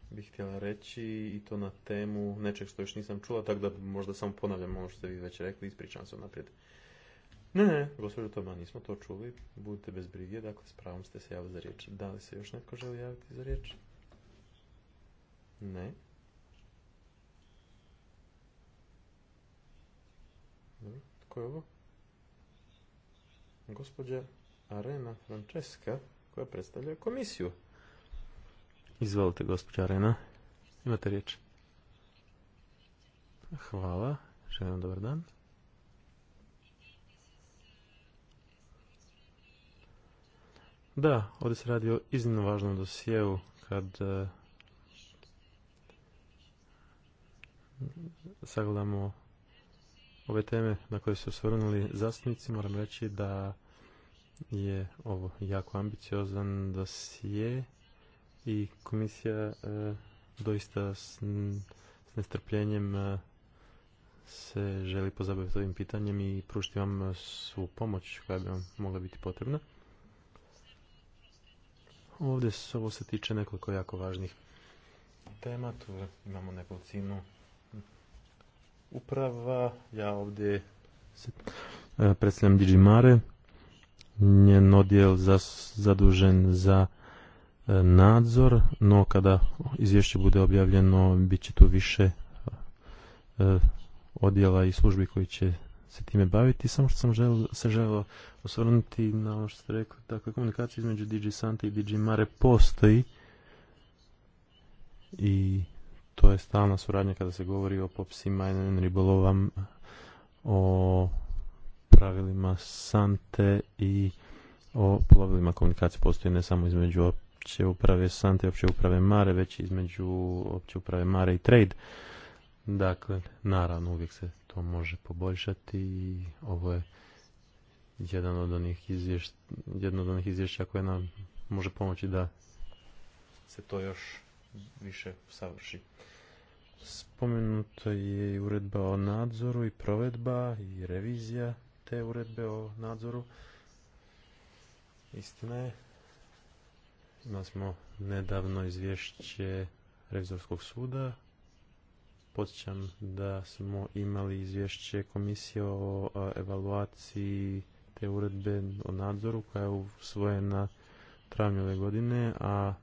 Speaker 1: bih htjela reći i to na temu nečeg što još nisam čula, tako da možda samo ponavljam ono što ste vi već rekli, ispričam se naprijed. Ne, ne, gospođo Toma, nismo to čuli, budite bez brige, dakle s pravom ste se javili za riječ. Da li se još netko želi javiti za riječ? Ne. Dobro, je ovo? Gospođa Arena Francesca, koja predstavlja komisiju. Izvolite, gospođa Arena. Imate riječ. Hvala. Želim dobar dan. Da, ovdje se radi o iznimno važnom dosijevu. kad e, sagledamo ove teme na koje su osvrnuli zastupnici, moram reći da je ovo jako ambiciozan dosije i komisija e, doista s, nestrpljenjem e, se želi pozabaviti ovim pitanjem i pružiti vam e, svu pomoć koja bi vam mogla biti potrebna. Ovdje ovo se tiče nekoliko jako važnih tema. Tu imamo nekolicinu uprava. Ja ovdje se predstavljam Digimare, njen odjel za, zadužen za nadzor, no kada izvješće bude objavljeno bit će tu više e, odjela i službi koji će se time baviti. Samo što sam žel, se želio osvrnuti na ono što ste rekli, dakle komunikacija između DJ Santa i DJ Mare postoji i to je stalna suradnja kada se govori o popsima i ribolovam, o pravilima Sante i o plovilima komunikacije postoji ne samo između opće uprave Sante opće uprave Mare, već između opće uprave Mare i Trade. Dakle, naravno, uvijek se to može poboljšati i ovo je jedan od onih izvješća, jedno od onih izvješća koje nam može pomoći da se to još više savrši. Spomenuta je i uredba o nadzoru i provedba i revizija te uredbe o nadzoru. Istina je Imali smo nedavno izvješće Revizorskog suda. Podsjećam da smo imali izvješće komisije o evaluaciji te uredbe o nadzoru koja je usvojena travnju ove godine, a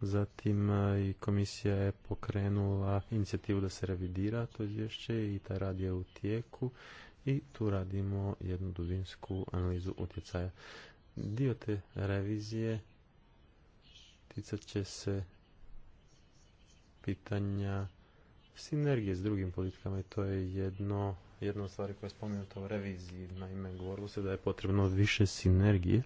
Speaker 1: zatim i komisija je pokrenula inicijativu da se revidira to izvješće i taj rad je u tijeku i tu radimo jednu dubinsku analizu utjecaja. Dio te revizije ticat će se pitanja sinergije s drugim politikama i to je jedno, jedna od stvari koja je spomenuta u reviziji. Naime, govorilo se da je potrebno više sinergije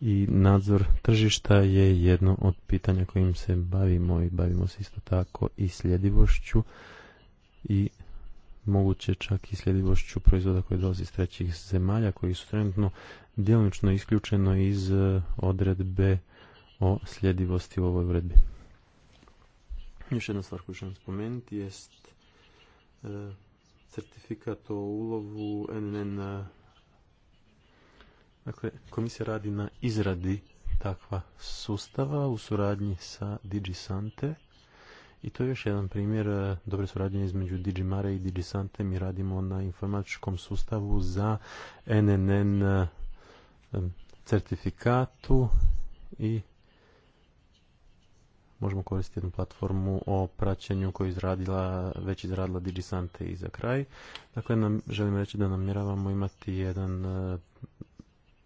Speaker 1: i nadzor tržišta je jedno od pitanja kojim se bavimo i bavimo se isto tako i sljedivošću i moguće čak i sljedivošću proizvoda koji dolazi iz trećih zemalja koji su trenutno djelomično isključeno iz eh, odredbe o sljedivosti u ovoj uredbi. Još jedna stvar koju vam spomenuti jest e, certifikat o ulovu NNN. Dakle, komisija radi na izradi takva sustava u suradnji sa DigiSante i to je još jedan primjer e, dobre suradnje između DigiMare i DigiSante. Mi radimo na informatičkom sustavu za NNN e, certifikatu i možemo koristiti jednu platformu o praćenju koju izradila, već izradila DigiSante i za kraj. Dakle, nam, želim reći da namjeravamo imati jedan e,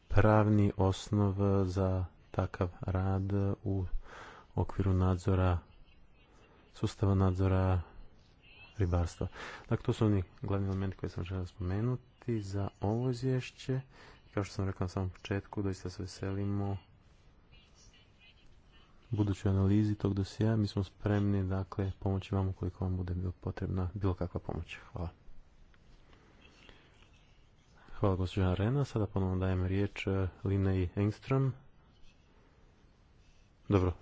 Speaker 1: pravni osnov za takav rad u okviru nadzora, sustava nadzora ribarstva. Dakle, to su oni glavni elementi koje sam želio spomenuti za ovo izvješće. Kao što sam rekao na samom početku, doista se veselimo budućoj analizi tog dosija. Mi smo spremni dakle, pomoći vam ukoliko vam bude bilo potrebna bilo kakva pomoć. Hvala. Hvala gospođa Arena. Sada ponovno dajem riječ e, Linei Engström. Dobro,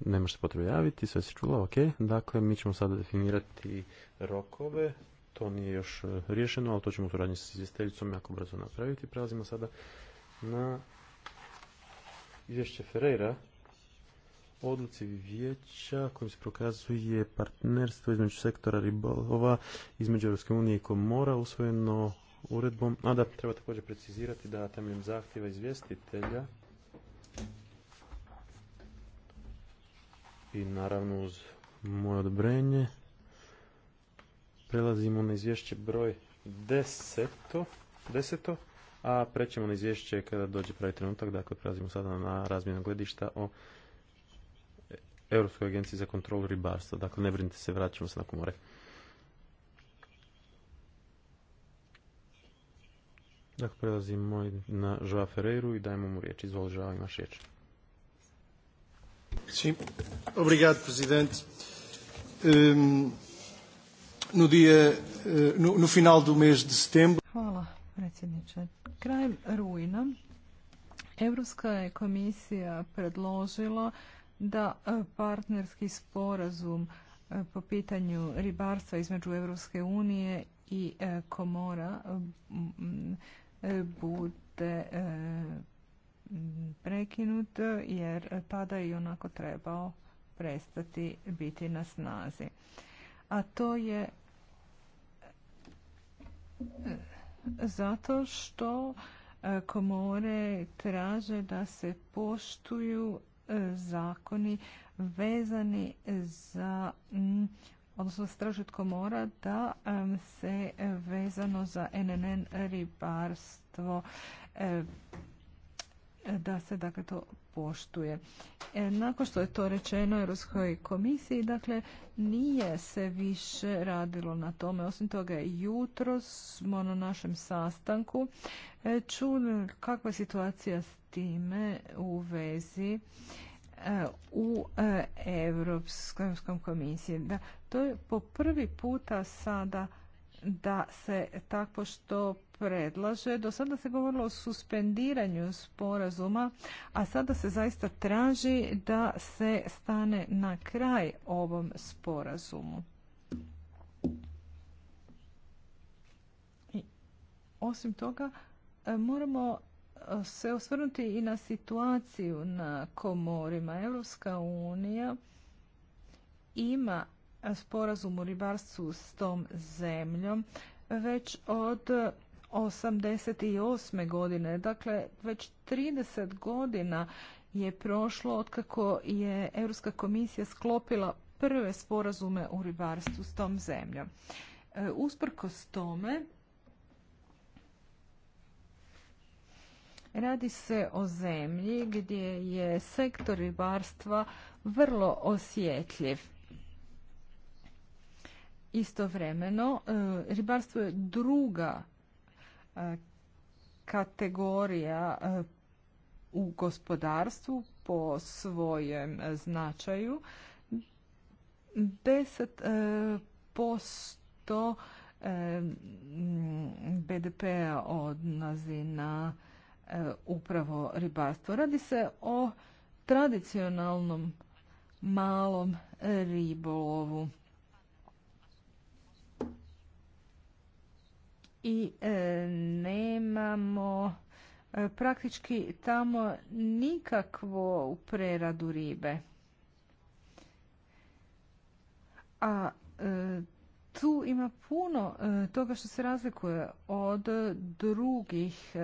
Speaker 1: nema se potrebe javiti, sve se čulo, ok. Dakle, mi ćemo sada definirati rokove. To nije još e, riješeno, ali to ćemo u suradnji s izvjestiteljicom jako brzo napraviti. Prelazimo sada na izvješće Ferreira odluci vijeća kojim se prokazuje partnerstvo između sektora ribolova između Europske unije i Komora usvojeno uredbom. A da, treba također precizirati da temeljem zahtjeva izvjestitelja i naravno uz moje odobrenje prelazimo na izvješće broj deseto, deseto a prećemo na izvješće kada dođe pravi trenutak. Dakle, prelazimo sada na razmjenu gledišta o Europskoj agenciji za kontrolu ribarstva. Dakle, ne brinite se, vraćamo se na more. Dakle, prelazimo na Joa Ferreiru i dajemo mu riječ. Izvoli, Joa, imaš riječ. Sim. Obrigado, Presidente. Um, no dia, eh, no, final do mês de setembro...
Speaker 2: Hvala, predsjedniče. Krajem rujna Europska je komisija predložila da e, partnerski sporazum e, po pitanju ribarstva između Europske unije i e, Komora bude prekinut jer tada je onako trebao prestati biti na snazi. A to je zato što komore traže da se poštuju zakoni vezani za mm, odnosno straži mora da se vezano za NNN ribarstvo da se dakle to poštuje. E, nakon što je to rečeno Europskoj komisiji, dakle nije se više radilo na tome. Osim toga, jutros smo na našem sastanku e, čuli kakva je situacija s time u vezi e, u Europskom komisiji. Da, to je po prvi puta sada da se tako što predlaže. Do sada se govorilo o suspendiranju sporazuma, a sada se zaista traži da se stane na kraj ovom sporazumu. I osim toga, e, moramo se osvrnuti i na situaciju na komorima. Europska unija ima sporazum o ribarstvu s tom zemljom već od 88. godine. Dakle, već 30 godina je prošlo otkako je Europska komisija sklopila prve sporazume u ribarstvu s tom zemljom. E, usprkos tome, Radi se o zemlji gdje je sektor ribarstva vrlo osjetljiv. Istovremeno, e, ribarstvo je druga e, kategorija e, u gospodarstvu po svojem značaju. 10% BDP-a odlazi na E, upravo ribarstvo. Radi se o tradicionalnom malom ribolovu. I e, nemamo e, praktički tamo nikakvo preradu ribe. A tu ima puno toga što se razlikuje od drugih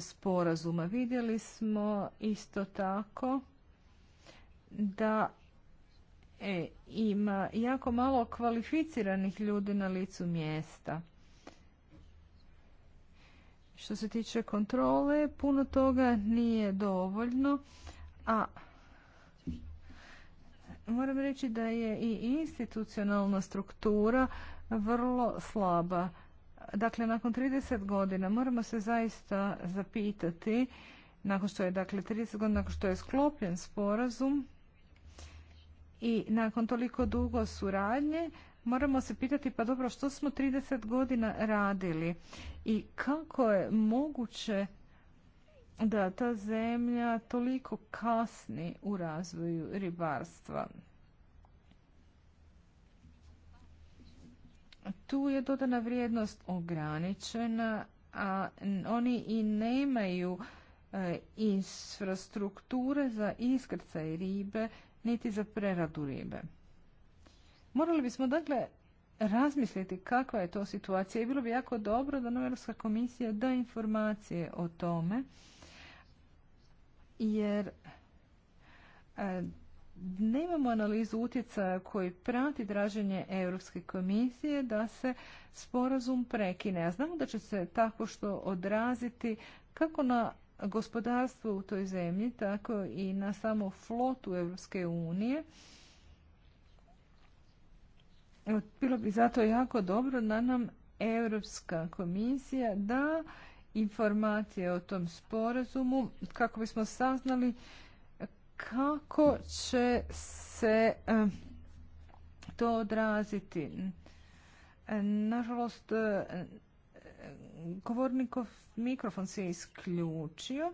Speaker 2: sporazuma. Vidjeli smo isto tako da e, ima jako malo kvalificiranih ljudi na licu mjesta. Što se tiče kontrole, puno toga nije dovoljno, a moram reći da je i institucionalna struktura vrlo slaba. Dakle, nakon 30 godina moramo se zaista zapitati, nakon što je, dakle, 30 godina nakon što je sklopljen sporazum i nakon toliko dugo suradnje, moramo se pitati pa dobro što smo 30 godina radili i kako je moguće da ta zemlja toliko kasni u razvoju ribarstva. tu je dodana vrijednost ograničena, a oni i nemaju e, infrastrukture za iskrcaj ribe, niti za preradu ribe. Morali bismo dakle razmisliti kakva je to situacija i bilo bi jako dobro da Europska komisija da informacije o tome, jer e, nemamo analizu utjecaja koji prati draženje Europske komisije da se sporazum prekine. Ja znam da će se tako što odraziti kako na gospodarstvo u toj zemlji, tako i na samo flotu Europske unije. Bilo bi zato jako dobro da nam Europska komisija da informacije o tom sporazumu kako bismo saznali kako će se eh, to odraziti. Nažalost, eh, govornikov mikrofon se je isključio.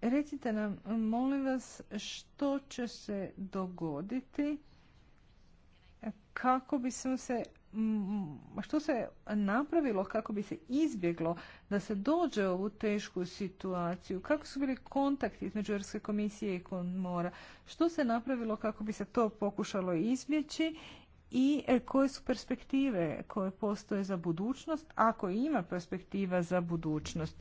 Speaker 2: Recite nam, molim vas, što će se dogoditi kako bismo se Mm, što se napravilo kako bi se izbjeglo da se dođe u ovu tešku situaciju? Kako su bili kontakti između Europske komisije i mora, Što se napravilo kako bi se to pokušalo izbjeći i e, koje su perspektive koje postoje za budućnost, ako ima perspektiva za budućnost?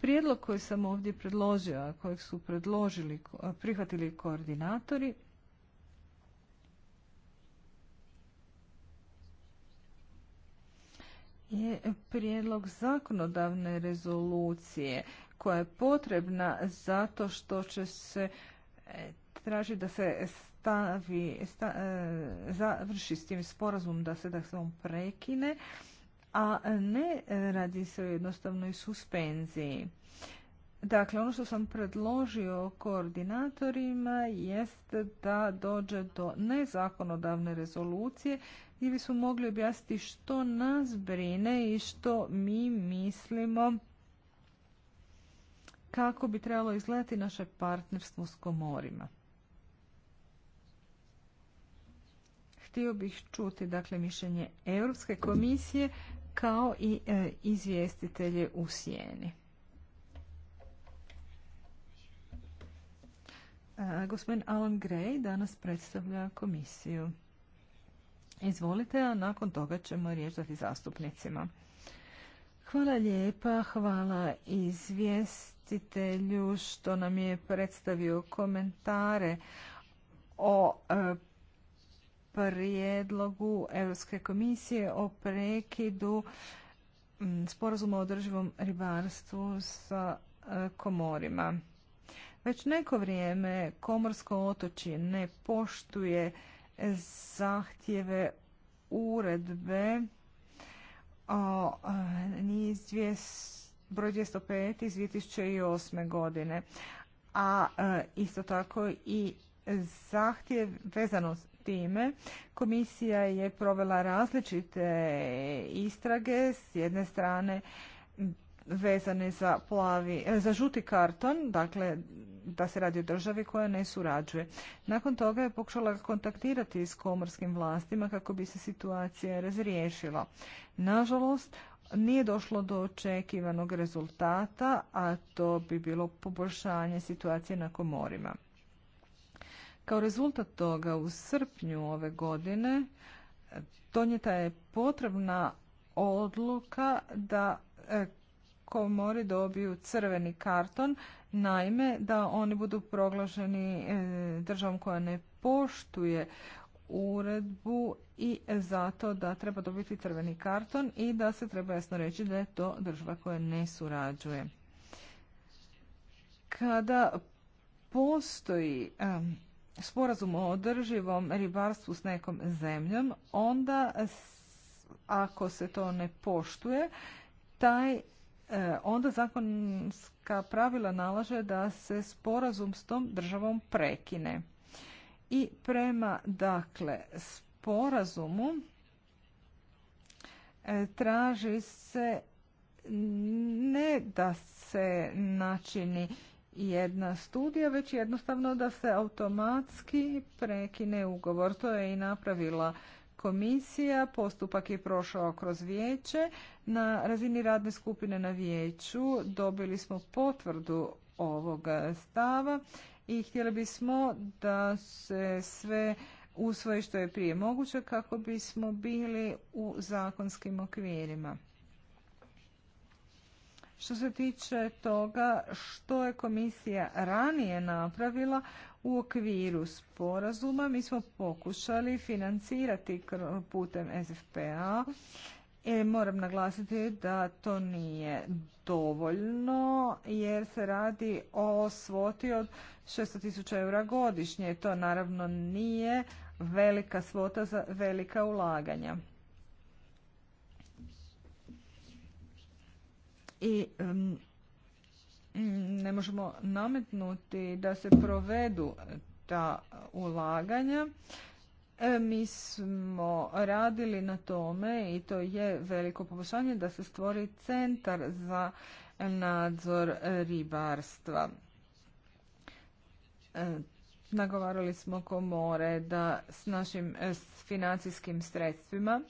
Speaker 2: Prijedlog koji sam ovdje predložila, kojeg su predložili, prihvatili koordinatori, je prijedlog zakonodavne rezolucije koja je potrebna zato što će se e, traži da se stavi, e, završi s tim sporazum da se da se on prekine, a ne radi se o jednostavnoj suspenziji. Dakle, ono što sam predložio koordinatorima jest da dođe do nezakonodavne rezolucije ili su mogli objasniti što nas brine i što mi mislimo kako bi trebalo izgledati naše partnerstvo s komorima. Htio bih čuti dakle mišljenje Europske komisije kao i e, izvjestitelje u sjeni. E, gospodin Alan Gray danas predstavlja komisiju. Izvolite, a nakon toga ćemo riječ zastupnicima. Hvala lijepa, hvala izvjestitelju što nam je predstavio komentare o e, prijedlogu Europske komisije o prekidu sporazuma o održivom ribarstvu sa e, komorima. Već neko vrijeme komorsko otočje ne poštuje zahtjeve uredbe o e, niz broj 205 iz 2008. godine, a e, isto tako i zahtjev vezano time. Komisija je provela različite istrage, s jedne strane vezane za plavi, e, za žuti karton, dakle da se radi o državi koja ne surađuje. Nakon toga je pokušala kontaktirati s komorskim vlastima kako bi se situacija razriješila. Nažalost, nije došlo do očekivanog rezultata, a to bi bilo poboljšanje situacije na komorima. Kao rezultat toga u srpnju ove godine donijeta je potrebna odluka da e, komori dobiju crveni karton, naime da oni budu proglašeni e, državom koja ne poštuje uredbu i zato da treba dobiti crveni karton i da se treba jasno reći da je to država koja ne surađuje. Kada postoji e, sporazum o održivom ribarstvu s nekom zemljom, onda ako se to ne poštuje, taj E, onda zakonska pravila nalaže da se sporazum s tom državom prekine. I prema dakle sporazumu e, traži se ne da se načini jedna studija, već jednostavno da se automatski prekine ugovor. To je i napravila komisija, postupak je prošao kroz vijeće. Na razini radne skupine na vijeću dobili smo potvrdu ovog stava i htjeli bismo da se sve usvoji što je prije moguće kako bismo bili u zakonskim okvirima. Što se tiče toga što je komisija ranije napravila u okviru sporazuma mi smo pokušali financirati putem SFPA. i e, moram naglasiti da to nije dovoljno jer se radi o svoti od 600.000 eura godišnje. To naravno nije velika svota za velika ulaganja. I Mm, ne možemo nametnuti da se provedu ta ulaganja. E, mi smo radili na tome i to je veliko poboljšanje da se stvori centar za nadzor ribarstva. E, nagovarali smo komore da s našim financijskim sredstvima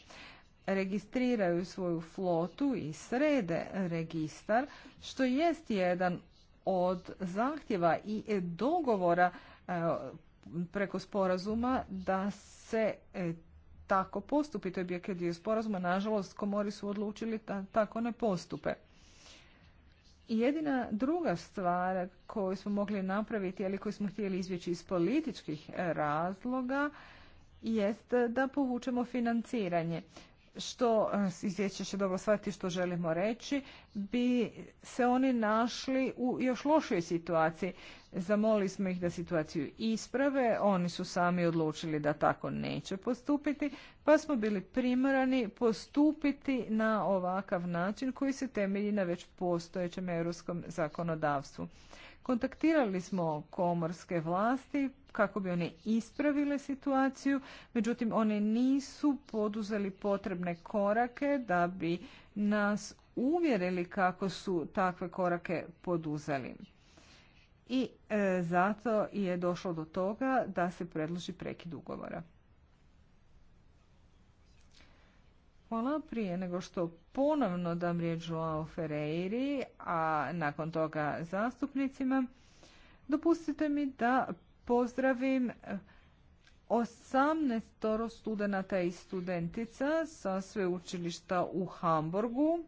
Speaker 2: registriraju svoju flotu i srede registar, što jest jedan od zahtjeva i dogovora e, preko sporazuma da se e, tako postupi. To je bio dio sporazuma. Nažalost, komori su odlučili da tako ne postupe. Jedina druga stvar koju smo mogli napraviti, ili koju smo htjeli izbjeći iz političkih e, razloga, jest da povučemo financiranje što e, izvješće će dobro shvatiti što želimo reći, bi se oni našli u još lošoj situaciji. Zamolili smo ih da situaciju isprave, oni su sami odlučili da tako neće postupiti, pa smo bili primorani postupiti na ovakav način koji se temelji na već postojećem europskom zakonodavstvu. Kontaktirali smo komorske vlasti kako bi one ispravile situaciju, međutim one nisu poduzeli potrebne korake da bi nas uvjerili kako su takve korake poduzeli. I e, zato je došlo do toga da se predloži prekid ugovora. Hvala. Prije nego što ponovno dam riječ o Ferreiri, a nakon toga zastupnicima, dopustite mi da pozdravim 18 studenata i studentica sa sveučilišta u Hamburgu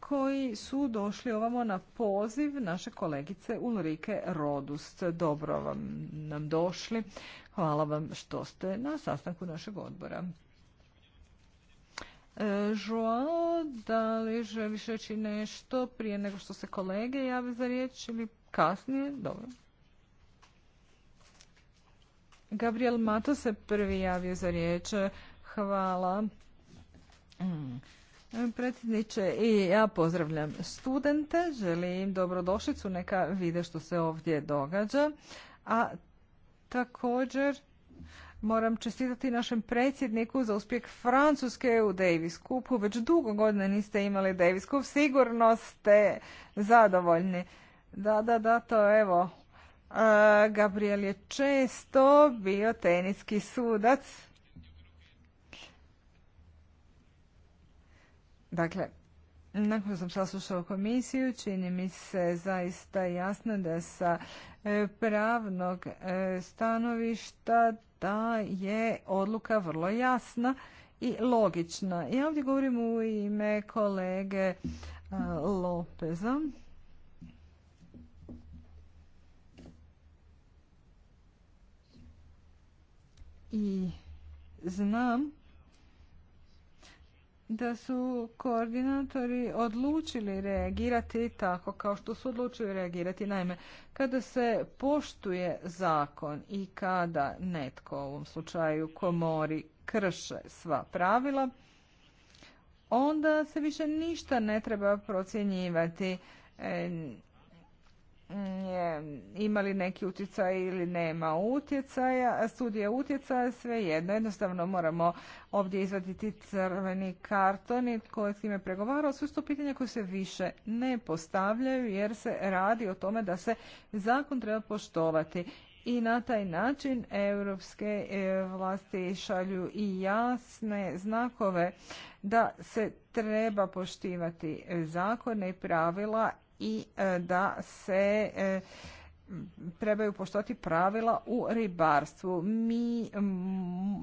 Speaker 2: koji su došli ovamo na poziv naše kolegice Ulrike Rodust. Dobro vam nam došli. Hvala vam što ste na sastanku našeg odbora. E, Joao, da li želiš reći nešto prije nego što se kolege jave za riječ ili kasnije? Dobro. Gabriel Mato se prvi javio za riječ. Hvala. Mm. Predsjedniče, i ja pozdravljam studente, želim dobrodošlicu, neka vide što se ovdje događa. A također Moram čestitati našem predsjedniku za uspjeh Francuske u Davis Cupu. Već dugo godina niste imali Davis Cup. Sigurno ste zadovoljni. Da, da, da, to evo. E, Gabriel je često bio teniski sudac. Dakle, nakon sam saslušao komisiju, čini mi se zaista jasno da sa e, pravnog e, stanovišta ta je odluka vrlo jasna i logična. Ja ovdje govorim u ime kolege e, Lopeza. I znam da su koordinatori odlučili reagirati tako kao što su odlučili reagirati. Naime, kada se poštuje zakon i kada netko u ovom slučaju komori krše sva pravila, onda se više ništa ne treba procjenjivati. E, ima li neki utjecaj ili nema utjecaja, studija utjecaja, sve jedno. Jednostavno moramo ovdje izvaditi crveni karton i tko je s time pregovarao. Sve su pitanja koje se više ne postavljaju jer se radi o tome da se zakon treba poštovati. I na taj način europske e, vlasti šalju i jasne znakove da se treba poštivati zakone i pravila i e, da se e, trebaju poštovati pravila u ribarstvu. Mi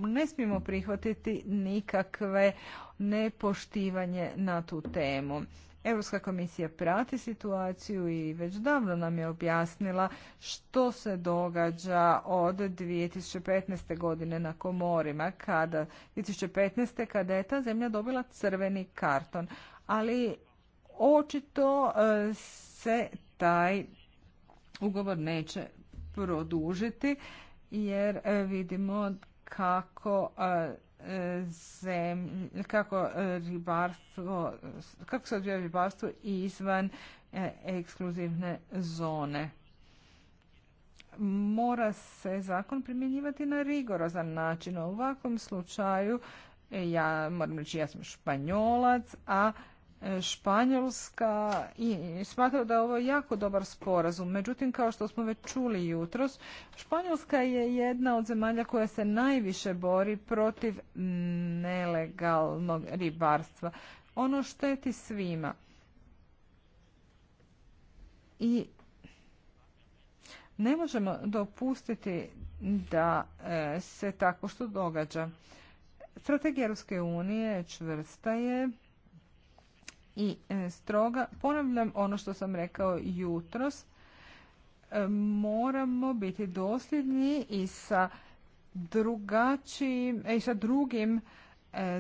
Speaker 2: ne smijemo prihvatiti nikakve nepoštivanje na tu temu. Europska komisija prati situaciju i već davno nam je objasnila što se događa od 2015. godine na Komorima, kada 2015. kada je ta zemlja dobila crveni karton. Ali očito e, se taj ugovor neće produžiti jer e, vidimo kako e, kako ribarstvo, kako se odvija ribarstvo izvan ekskluzivne zone. Mora se zakon primjenjivati na rigorozan način. U ovakvom slučaju, ja moram reći, ja sam španjolac, a Španjolska i smatra da je ovo jako dobar sporazum. Međutim, kao što smo već čuli jutros, Španjolska je jedna od zemalja koja se najviše bori protiv nelegalnog ribarstva. Ono šteti svima. I ne možemo dopustiti da e, se tako što događa. Strategija Ruske unije čvrsta je i e, stroga. Ponavljam ono što sam rekao jutros. E, moramo biti dosljedni i sa drugačijim e, i sa drugim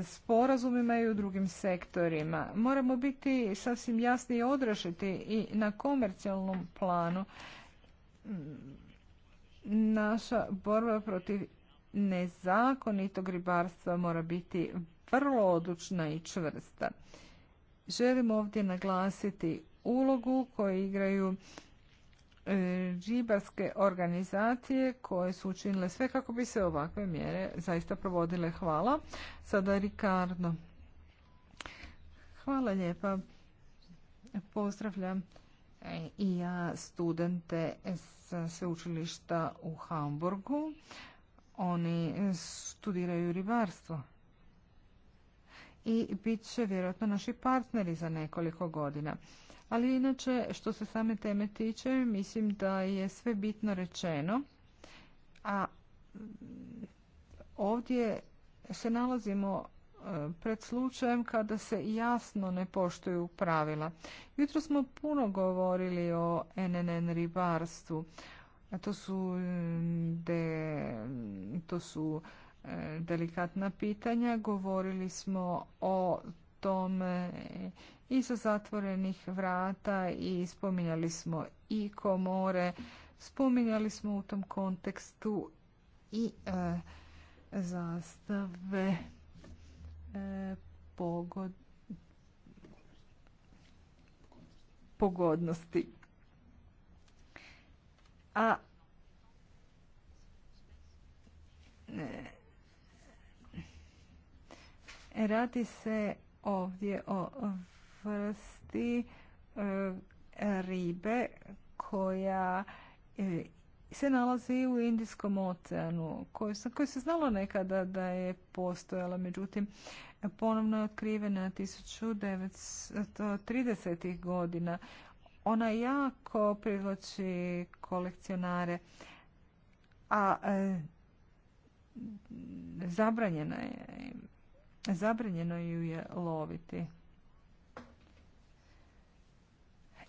Speaker 2: sporazumima i u drugim sektorima. Moramo biti sasvim jasni i odrašiti i na komercijalnom planu. Naša borba protiv nezakonitog ribarstva mora biti vrlo odlučna i čvrsta. Želim ovdje naglasiti ulogu koju igraju ribarske e, organizacije koje su učinile sve kako bi se ovakve mjere zaista provodile. Hvala. Sada Ricardo. Hvala lijepa. Pozdravljam e, i ja studente sa sveučilišta u Hamburgu. Oni studiraju ribarstvo i bit će vjerojatno naši partneri za nekoliko godina. Ali inače, što se same teme tiče, mislim da je sve bitno rečeno, a ovdje se nalazimo e, pred slučajem kada se jasno ne poštuju pravila. Jutro smo puno govorili o NNN ribarstvu. to su, mm, de, to su delikatna pitanja. Govorili smo o tome i sa zatvorenih vrata i spominjali smo i komore. Spominjali smo u tom kontekstu i e, zastave e, pogod, pogodnosti. A ne. Radi se ovdje o vrsti e, ribe koja e, se nalazi u Indijskom oceanu, koju se, znala znalo nekada da je postojala, međutim ponovno je otkrivena 1930. godina. Ona jako privlači kolekcionare, a e, zabranjena je zabranjeno ju je loviti.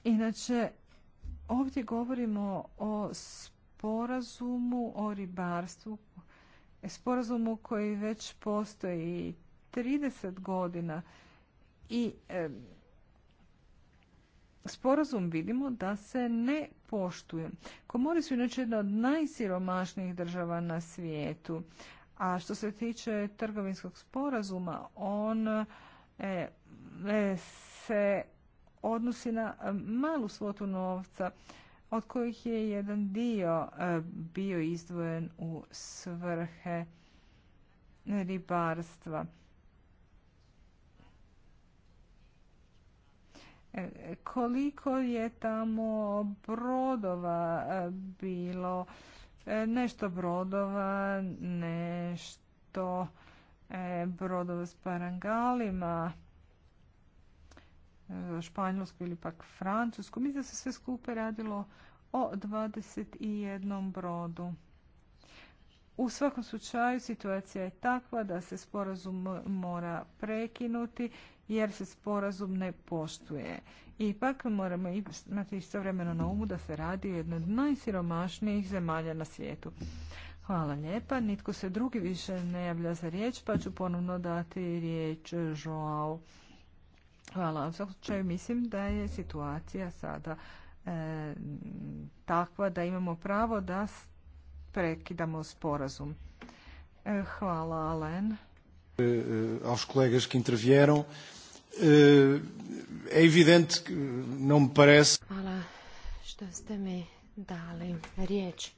Speaker 2: Inače, ovdje govorimo o sporazumu o ribarstvu, sporazumu koji već postoji 30 godina i sporazum vidimo da se ne poštuje. Komori su inače jedna od najsiromašnijih država na svijetu. A što se tiče trgovinskog sporazuma, on e, e, se odnosi na malu svotu novca od kojih je jedan dio e, bio izdvojen u svrhe ribarstva. E, koliko je tamo brodova bilo E, nešto brodova, nešto e, brodova s parangalima, e, Španjolsku ili pak Francusku. Mislim da se sve skupe radilo o 21 brodu. U svakom slučaju situacija je takva da se sporazum mora prekinuti jer se sporazum ne poštuje. Ipak moramo imati istovremeno na umu da se radi o jednoj od najsiromašnijih zemalja na svijetu. Hvala lijepa. Nitko se drugi više ne javlja za riječ, pa ću ponovno dati riječ Joao. Hvala. U svakom slučaju mislim da je situacija sada e, takva da imamo pravo da prekidamo sporazum. E, hvala, Alen.
Speaker 1: E, e aos que intervieram. Eh, é evidente que não me parece.
Speaker 3: Hvala što ste mi dali riječ.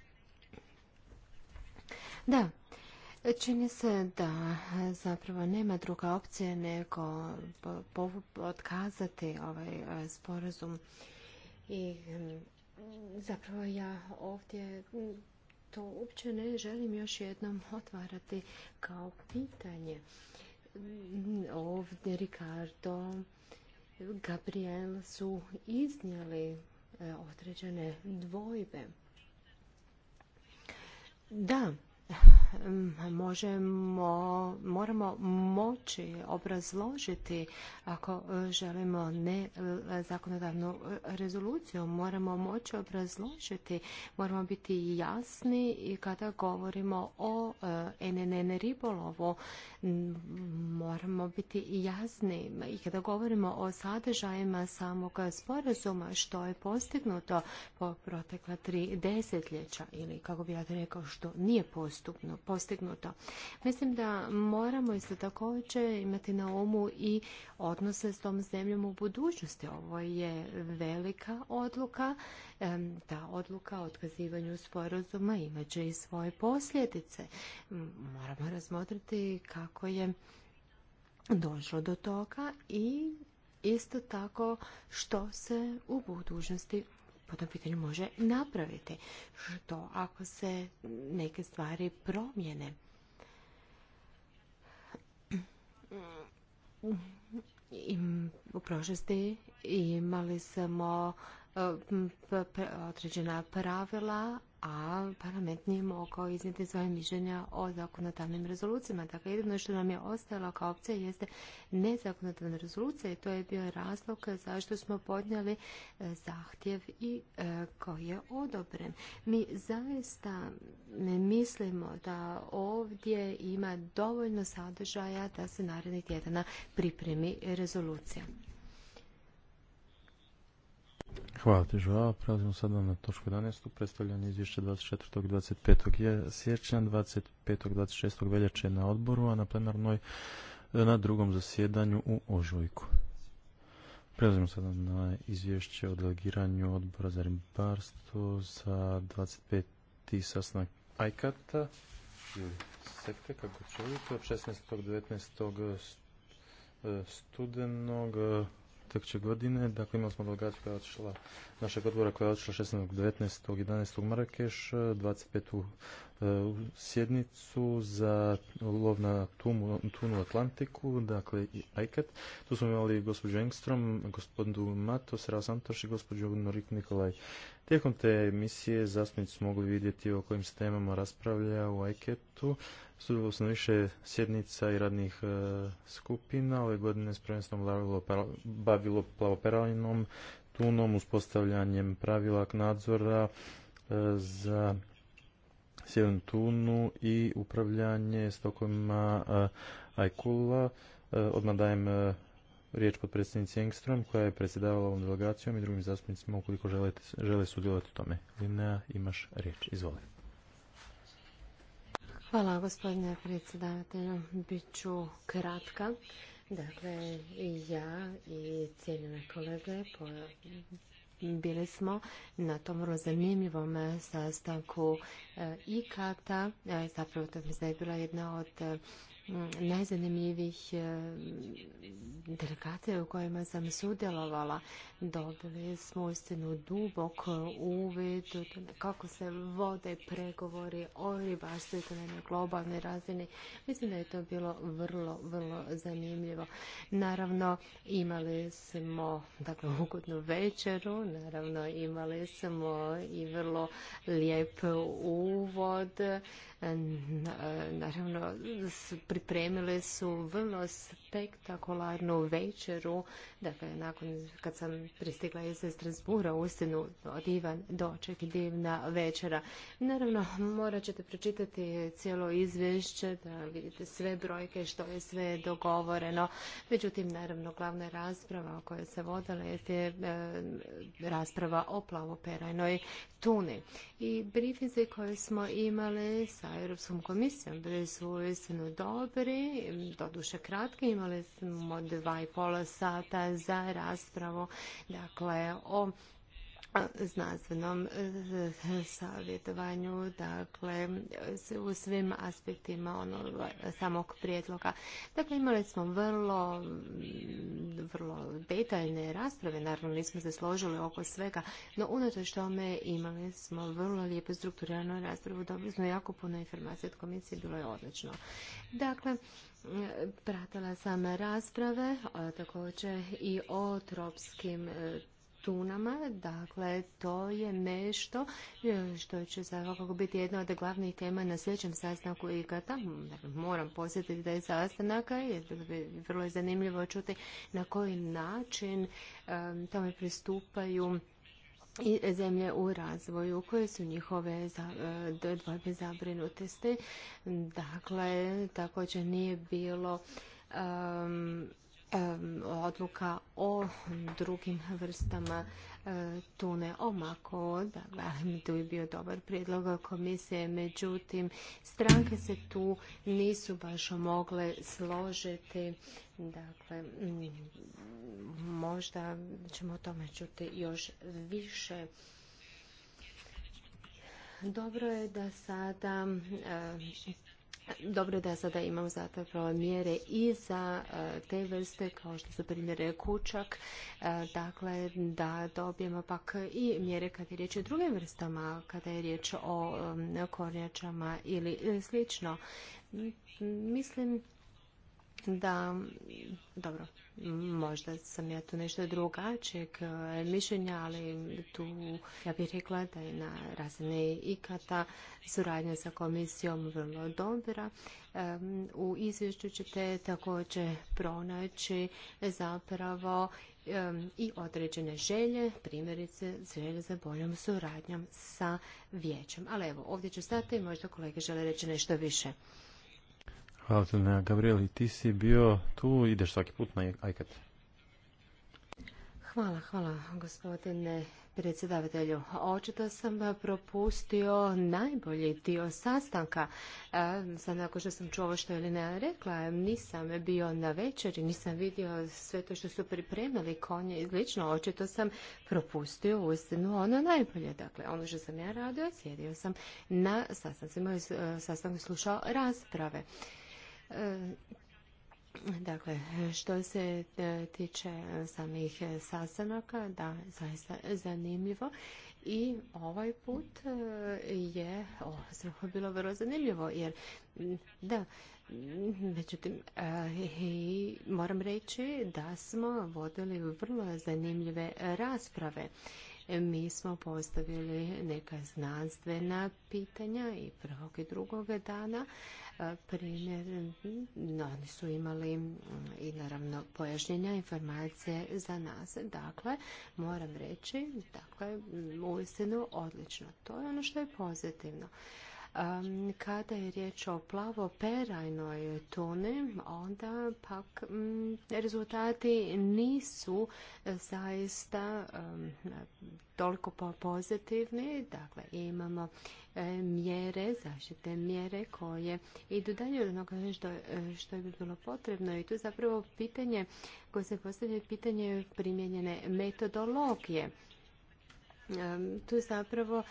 Speaker 3: Da, Čini se da zapravo nema druga opcija nego otkazati ovaj eh, sporazum i mm, zapravo ja ovdje mm, to uopće ne želim još jednom otvarati kao pitanje ovdje Ricardo, Gabriel su iznijeli e, određene dvojbe. Da, možemo, moramo moći obrazložiti ako e, želimo ne e, zakonodavnu e, rezoluciju, moramo moći obrazložiti, moramo biti jasni i kada govorimo o NNN ribolovu, moramo biti jasni i kada govorimo o sadržajima samog sporazuma što je postignuto po protekla tri desetljeća ili kako bi ja rekao što nije postupno postignuto. Mislim da moramo isto također imati na umu i odnose s tom zemljom u budućnosti. Ovo je velika odluka. Ta odluka o otkazivanju sporazuma imaće i svoje posljedice. Moramo razmotriti kako je došlo do toga i isto tako što se u budućnosti po tom pitanju može napraviti. Što ako se neke stvari promijene? (clears throat) u prošlosti imali smo E, određena pravila, a parlament nije mogao iznijeti svoje mišljenja o zakonodavnim rezolucijama. Dakle, jedino što nam je ostalo kao opcija jeste nezakonodavna rezolucija i to je bio razlog zašto smo podnijeli e, zahtjev i e, koji je odobren. Mi zaista ne mislimo da ovdje ima dovoljno sadržaja da se narednih tjedana pripremi rezolucija.
Speaker 1: Hvala ti, Žao. Prelazimo sad na točku 11. Predstavljanje izvješća 24. i 25. sječnja, 25. 26. veljače na odboru, a na plenarnoj e, na drugom zasjedanju u Ožujku. Prelazimo sad na izvješće o delegiranju odbora za ribarstvo za 25. sastanak Ajkata ili sekte, kako će vidjeti, od 16. 19. E, studenog e, tekuće godine. Dakle, imali smo delegaciju koja je otišla, našeg odbora koja je otišla 16. 19. 11. Marakeš, 25. Uh, sjednicu za lov na tunu, Atlantiku, dakle i ICAT. Tu smo imali gospođu Engstrom, gospodinu Mato, Sera Santoš i gospođu Norik Nikolaj. Tijekom te emisije zastupnici su mogli vidjeti o kojim se temama raspravlja u icat Sudjelovao sam više sjednica i radnih e, skupina. Ove godine s prvenstvom bavilo plavoperalinom tunom, uspostavljanjem pravila nadzora e, za sjevernu tunu i upravljanje stokovima e, Ajkula. Odmah dajem riječ pod predsjednici Engstrom koja je predsjedavala ovom delegacijom i drugim zastupnicima ukoliko žele, žele sudjelovati u tome. nema imaš riječ. Izvolite.
Speaker 3: Hvala gospodine predsjedavatelju. Biću kratka. Dakle, i ja i cijeljene kolege bili smo na tom vrlo zanimljivom sastanku e, ikata. E, zapravo to mi je bila jedna od Mm, najzanimljivih e, delegacija u kojima sam sudjelovala. Dobili smo istinu dubok uvid kako se vode pregovori o ribarstvu i na globalnoj razini. Mislim da je to bilo vrlo, vrlo zanimljivo. Naravno, imali smo dakle, ugodnu večeru, naravno imali smo i vrlo lijep uvod naravno pripremile su vrlo spektakularnu večeru, dakle nakon kad sam pristigla iz Strasbura, od divan doček, divna večera. Naravno morat ćete pročitati cijelo izvješće da vidite sve brojke što je sve dogovoreno. Međutim, naravno glavna rasprava kojoj se vodila je e, rasprava o plavoperajnoj tuni. I brifizi koje smo imali sa Europskom komisijom bili su uistinu dobri, doduše kratki, imali smo dva i pola sata za raspravu dakle, o znanstvenom eh, savjetovanju, dakle, u svim aspektima onog samog prijedloga. Dakle, imali smo vrlo, mm, vrlo detaljne rasprave, naravno nismo se složili oko svega, no unatoč tome imali smo vrlo lijepo strukturiranu raspravu, dobili smo jako puno informacije od komisije, bilo je odlično. Dakle, eh, pratila sam rasprave, a također i o tropskim eh, tunama. Dakle, to je nešto e, što će svakako biti jedna od glavnih tema na sljedećem sastanku IGATA. Dakle, moram posjetiti da je sastanaka i vrlo je zanimljivo čuti na koji način e, tome pristupaju i zemlje u razvoju koje su njihove e, dvojbe zabrinutosti. Dakle, također nije bilo odluka o drugim vrstama e, tune omako, da to je bio dobar prijedlog komisije, međutim stranke se tu nisu baš mogle složiti, dakle možda ćemo o tome čuti još više. Dobro je da sada dobro je da sada imamo zapravo mjere i za e, te vrste kao što su primjere kućak, e, dakle da dobijemo pak i mjere kada je riječ o drugim vrstama, kada je riječ o e, kornjačama ili slično. Mislim da, dobro, možda sam ja tu nešto drugačijeg e, mišljenja, ali tu ja bih rekla da je na razine ikata suradnja sa komisijom vrlo dobra. E, u izvješću ćete također pronaći zapravo e, i određene želje, primjerice želje za boljom suradnjom sa vijećem. Ali evo, ovdje ću stati, možda kolege žele reći nešto više.
Speaker 1: Hvala ti, Gabrieli. Ti si bio tu, ideš svaki put na Ajkat.
Speaker 3: Hvala, hvala, gospodine predsjedavatelju. Očito sam propustio najbolji dio sastanka. E, sad nakon što sam čuo što je Lina rekla, nisam bio na večeri, nisam vidio sve to što su pripremili konje i slično. Očito sam propustio uistinu ono najbolje. Dakle, ono što sam ja radio, sjedio sam na sastancima i e, sastanku slušao rasprave. E, dakle, što se e, tiče samih sastanaka, da, zaista zanimljivo. I ovaj put e, je o, bilo vrlo zanimljivo, jer da, međutim, moram reći da smo vodili vrlo zanimljive rasprave. Mi smo postavili neka znanstvena pitanja i prvog i drugog dana. E, primjer, no, oni su imali i naravno pojašnjenja informacije za nas. Dakle, moram reći, dakle, uistinu odlično. To je ono što je pozitivno. Kada je riječ o plavo perajnoj tuni, onda pak mm, rezultati nisu zaista toliko pozitivni. Dakle, imamo e, mjere, zaštite mjere koje idu dalje od onoga što, bi je bilo potrebno i tu zapravo pitanje koje se postavlja pitanje primjenjene metodologije. Tu zapravo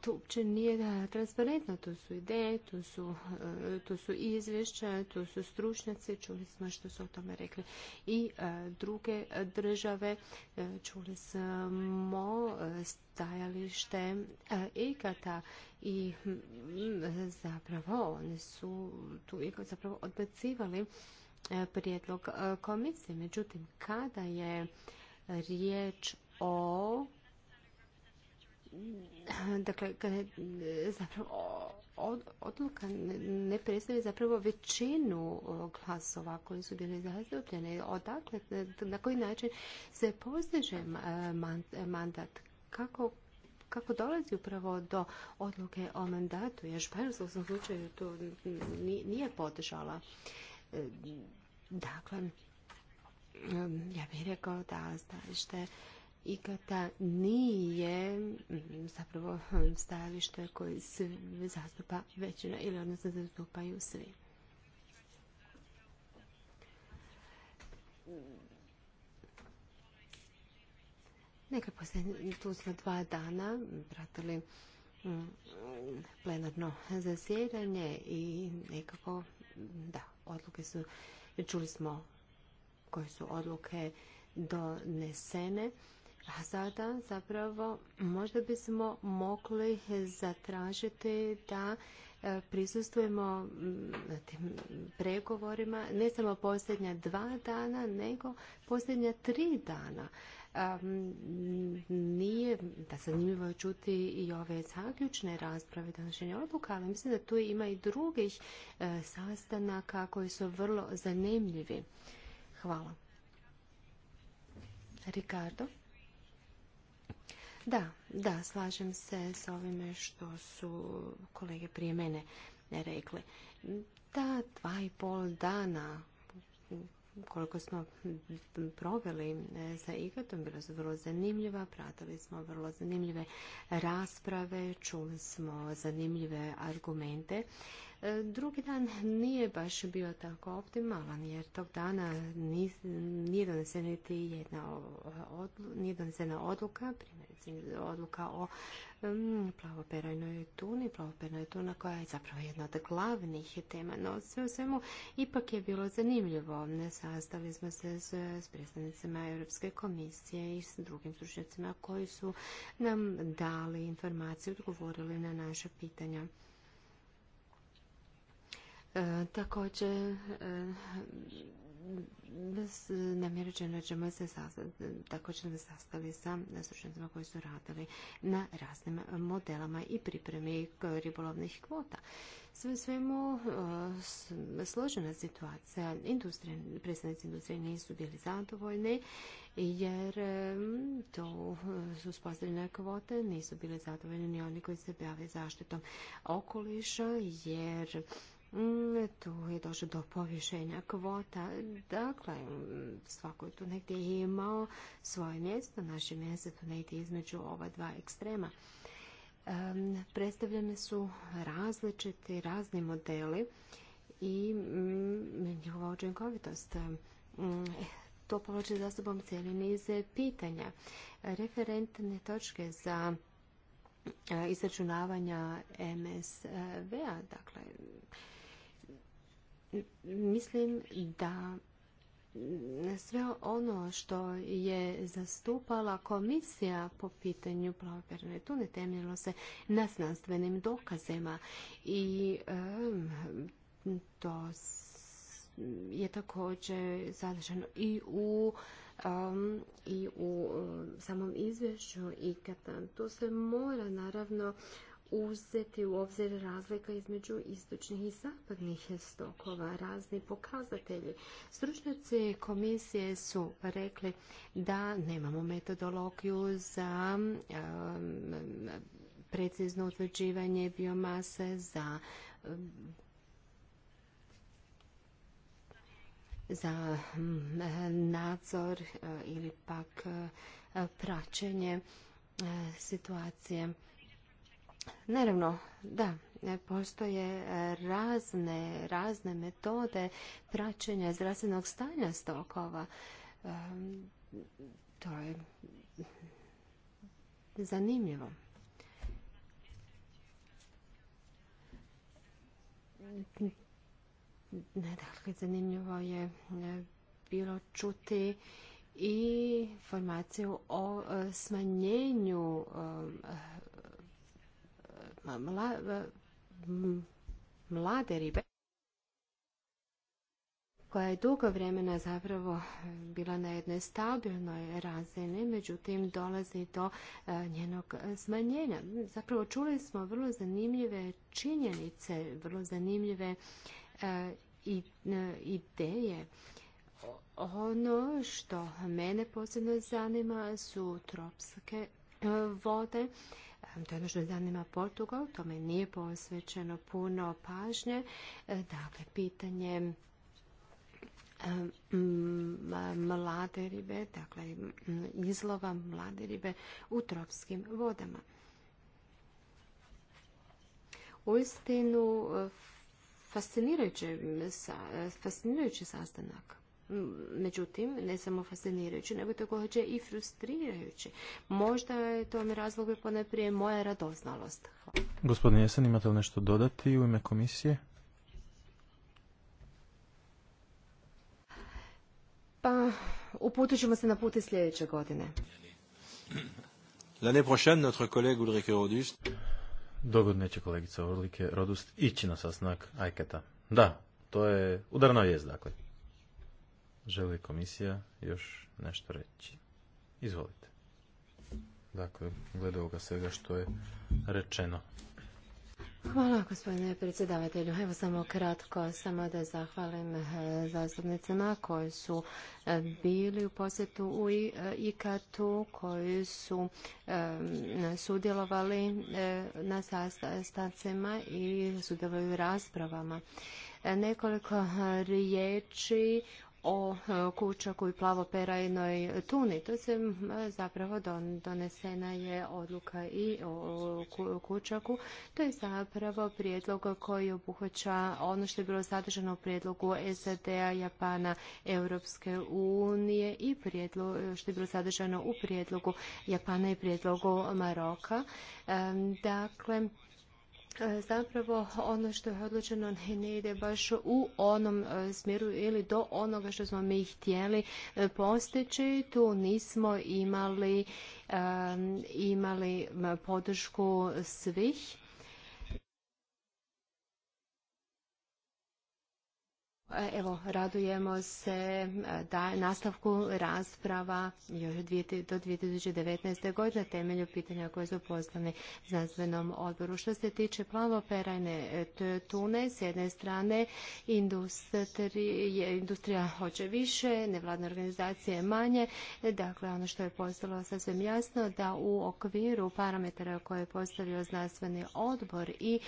Speaker 3: to uopće nije transparentno, to su ideje, tu su, e, to su izvješća, tu su stručnjaci, čuli smo što su o tome rekli i e, druge države, e, čuli smo stajalište ikata i zapravo oni su tu zapravo odbacivali prijedlog komisije. Međutim, kada je riječ o dakle, e, zapravo odluka ne predstavlja zapravo većinu glasova koji su bili zastupljeni. Odakle, e, na koji način se postiže e, mandat? Kako kako dolazi upravo do odluke o mandatu, jer Španjolska u svom slučaju to nije podržala. Dakle, ja bih rekao da stajalište kada nije mm, zapravo stajalište koje se zastupa većina ili odnosno zastupaju svi. Nekako se tu smo dva dana pratili mm, plenarno zasjedanje i nekako, da, odluke su, čuli smo koje su odluke donesene. A sada zapravo možda bismo mogli zatražiti da e, prisustujemo mm, tim pregovorima ne samo posljednja dva dana, nego posljednja tri dana. nije da zanimljivo je čuti i ove zaključne rasprave donošenja odluka, ali mislim da tu ima i drugih e, sastanaka koji su vrlo zanimljivi. Hvala. Ricardo? Da, da, slažem se s ovime što su kolege prije mene rekli. Ta dva i pol dana koliko smo proveli sa e, Igatom, bila su vrlo zanimljiva, pratili smo vrlo zanimljive rasprave, čuli smo zanimljive argumente Drugi dan nije baš bio tako optimalan jer tog dana nije donesena niti jedna nije donesena odluka, primjerice odluka o mm, plavoperajnoj tuni, plavoperajnoj tuna koja je zapravo jedna od glavnih tema, no sve u svemu ipak je bilo zanimljivo. Sastali smo se s, s predstavnicima Europske komisije i s drugim stručnjacima koji su nam dali informaciju, odgovorili na naše pitanja također, e, ćemo se se sastali sa stručnjacima koji su radili na raznim modelama i pripremi ribolovnih kvota. Sve svemu e, složena situacija, predstavnici industrije nisu bili zadovoljni jer e, to su spostavljene kvote, nisu bili zadovoljni ni oni koji se bave zaštitom okoliša jer Mm, tu je došlo do povišenja kvota. Dakle, svako je tu negdje imao svoje mjesto, naše mjesto tu negdje između ova dva ekstrema. predstavljene su različiti, razni modeli i mm, njihova učinkovitost. to povlači za sobom cijeli niz pitanja. Referentne točke za e, izračunavanja MSV-a, dakle, mislim da sve ono što je zastupala komisija po pitanju tu ne temeljilo se na znanstvenim dokazima i to je također sadržano i u i u samom izvješću i kad tu se mora naravno uzeti u obzir razlika između istočnih i zapadnih stokova, razni pokazatelji. Stručnjaci komisije su rekli da nemamo metodologiju za um, precizno utvrđivanje biomase, za um, za um, nadzor uh, ili pak uh, praćenje uh, situacije. Naravno, da, e, postoje razne, razne metode praćenja zdravstvenog stanja stokova. To je zanimljivo. Ne, dakle, zanimljivo je e, bilo čuti i informaciju o e, smanjenju E, mlade ribe koja je dugo vremena zapravo bila na jednoj stabilnoj razini, međutim dolazi do e, njenog smanjenja. Zapravo čuli smo vrlo zanimljive činjenice, vrlo zanimljive e, ideje. Ono što mene posebno zanima su tropske vode to je ono što Portugal, tome nije posvećeno puno pažnje. E, dakle, pitanje e, mlade ribe, dakle izlova mlade ribe u tropskim vodama. Uistinu e, fascinirajući, fascinirajući sastanak. Međutim, ne samo fascinirajući, nego također i frustrirajući. Možda je tome razlog i ponajprije moja radoznalost.
Speaker 1: Gospodine Jesen, imate li nešto dodati u ime komisije?
Speaker 3: Pa, uputit ćemo se na puti sljedeće godine.
Speaker 1: L'année prochaine, notre collègue Ulrike Rodust. Dogodne će kolegica Ulrike Rodust ići na sasnak Ajketa. Da, to je udarna vijest, dakle. Želi komisija još nešto reći? Izvolite. Dakle, glede ovoga svega što je rečeno.
Speaker 3: Hvala gospodine predsjedavatelju. Evo samo kratko, samo da zahvalim eh, zastupnicama koji su eh, bili u posjetu u eh, IKAT-u, koji su sudjelovali na sastancima i sudjelovali u raspravama nekoliko riječi o e, kućaku i plavoperajnoj tuni. To se zapravo donesena je odluka i o kućaku. To je zapravo prijedlog koji obuhvaća ono što je bilo sadržano u prijedlogu SAD-a, Japana, Europske unije i prijedlog, što je bilo sadržano u prijedlogu Japana i prijedlogu Maroka. Dakle, E, zapravo ono što je odlučeno ne ide baš u onom e, smjeru ili do onoga što smo mi htjeli e, postići. Tu nismo imali, imali podršku svih Evo, radujemo se e, da nastavku rasprava još do 2019. godine temelju pitanja koje su poslane znanstvenom odboru. Što se tiče plavoperajne e, tune, s jedne strane industrija hoće više, nevladne organizacije manje. E, dakle, ono što je postalo sasvim jasno da u okviru parametara koje je postavio znanstveni odbor i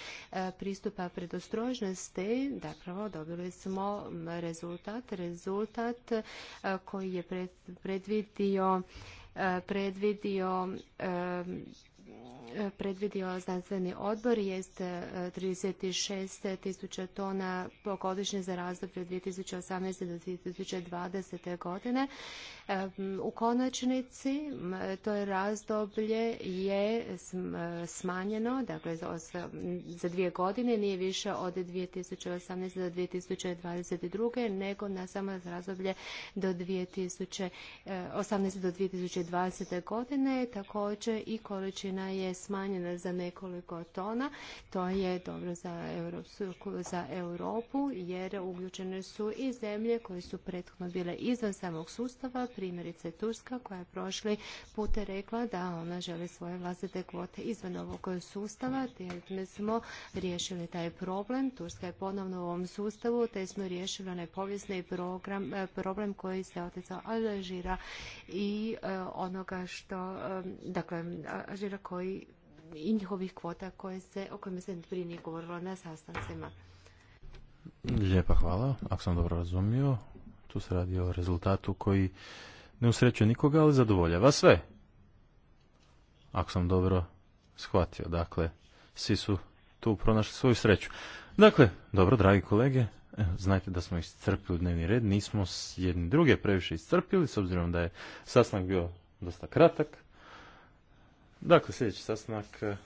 Speaker 3: pristupa predostrožnosti, dakle, dobili smo rezultat, rezultat e, koji je predvidio e, predvidio e, predvidio znanstveni odbor je 36 e, tisuća tona godišnje za razdoblje od 2018. do 2020. godine. E, u konačnici to je razdoblje je e, smanjeno, dakle za dvije godine nije više od 2018. do 2022. nego na samo razdoblje do 2018. do 2020. godine također i količina je smanjena za nekoliko tona. To je dobro za, Europsku, za Europu jer uključene su i zemlje koje su prethodno bile izvan samog sustava, primjerice Turska koja je prošli put rekla da ona želi svoje vlastite kvote izvan ovog sustava. Te smo riješili taj problem. Turska je ponovno u ovom sustavu te smo riješili onaj povijesni program, problem koji se oticao Alžira i e, onoga što, e, dakle, Alžira koji i njihovih kvota koje se, o kojima se prije nije govorilo na sastancima.
Speaker 1: Lijepa hvala, ako sam dobro razumio. Tu se radi o rezultatu koji ne usrećuje nikoga, ali zadovoljava sve. Ako sam dobro shvatio, dakle, svi su tu pronašli svoju sreću. Dakle, dobro, dragi kolege, znajte da smo iscrpili dnevni red, nismo jedni druge previše iscrpili, s obzirom da je sastanak bio dosta kratak. Dakle, sljedeći sastanak e,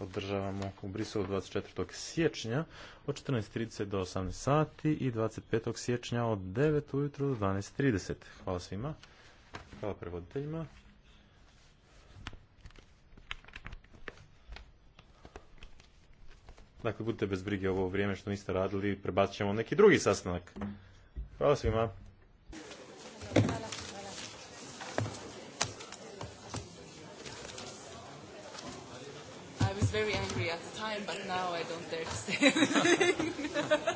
Speaker 1: održavamo u Briselu 24. siječnja od 14.30 do 18 sati i 25. siječnja od 9 ujutro do 12.30. Hvala svima. Hvala prevoditeljima. Dakle, budite bez brige ovo vrijeme što niste radili, prebacit ćemo neki drugi sastanak. Hvala svima.
Speaker 2: very angry at the time, but now I don't dare to say anything. (laughs) (laughs) (laughs)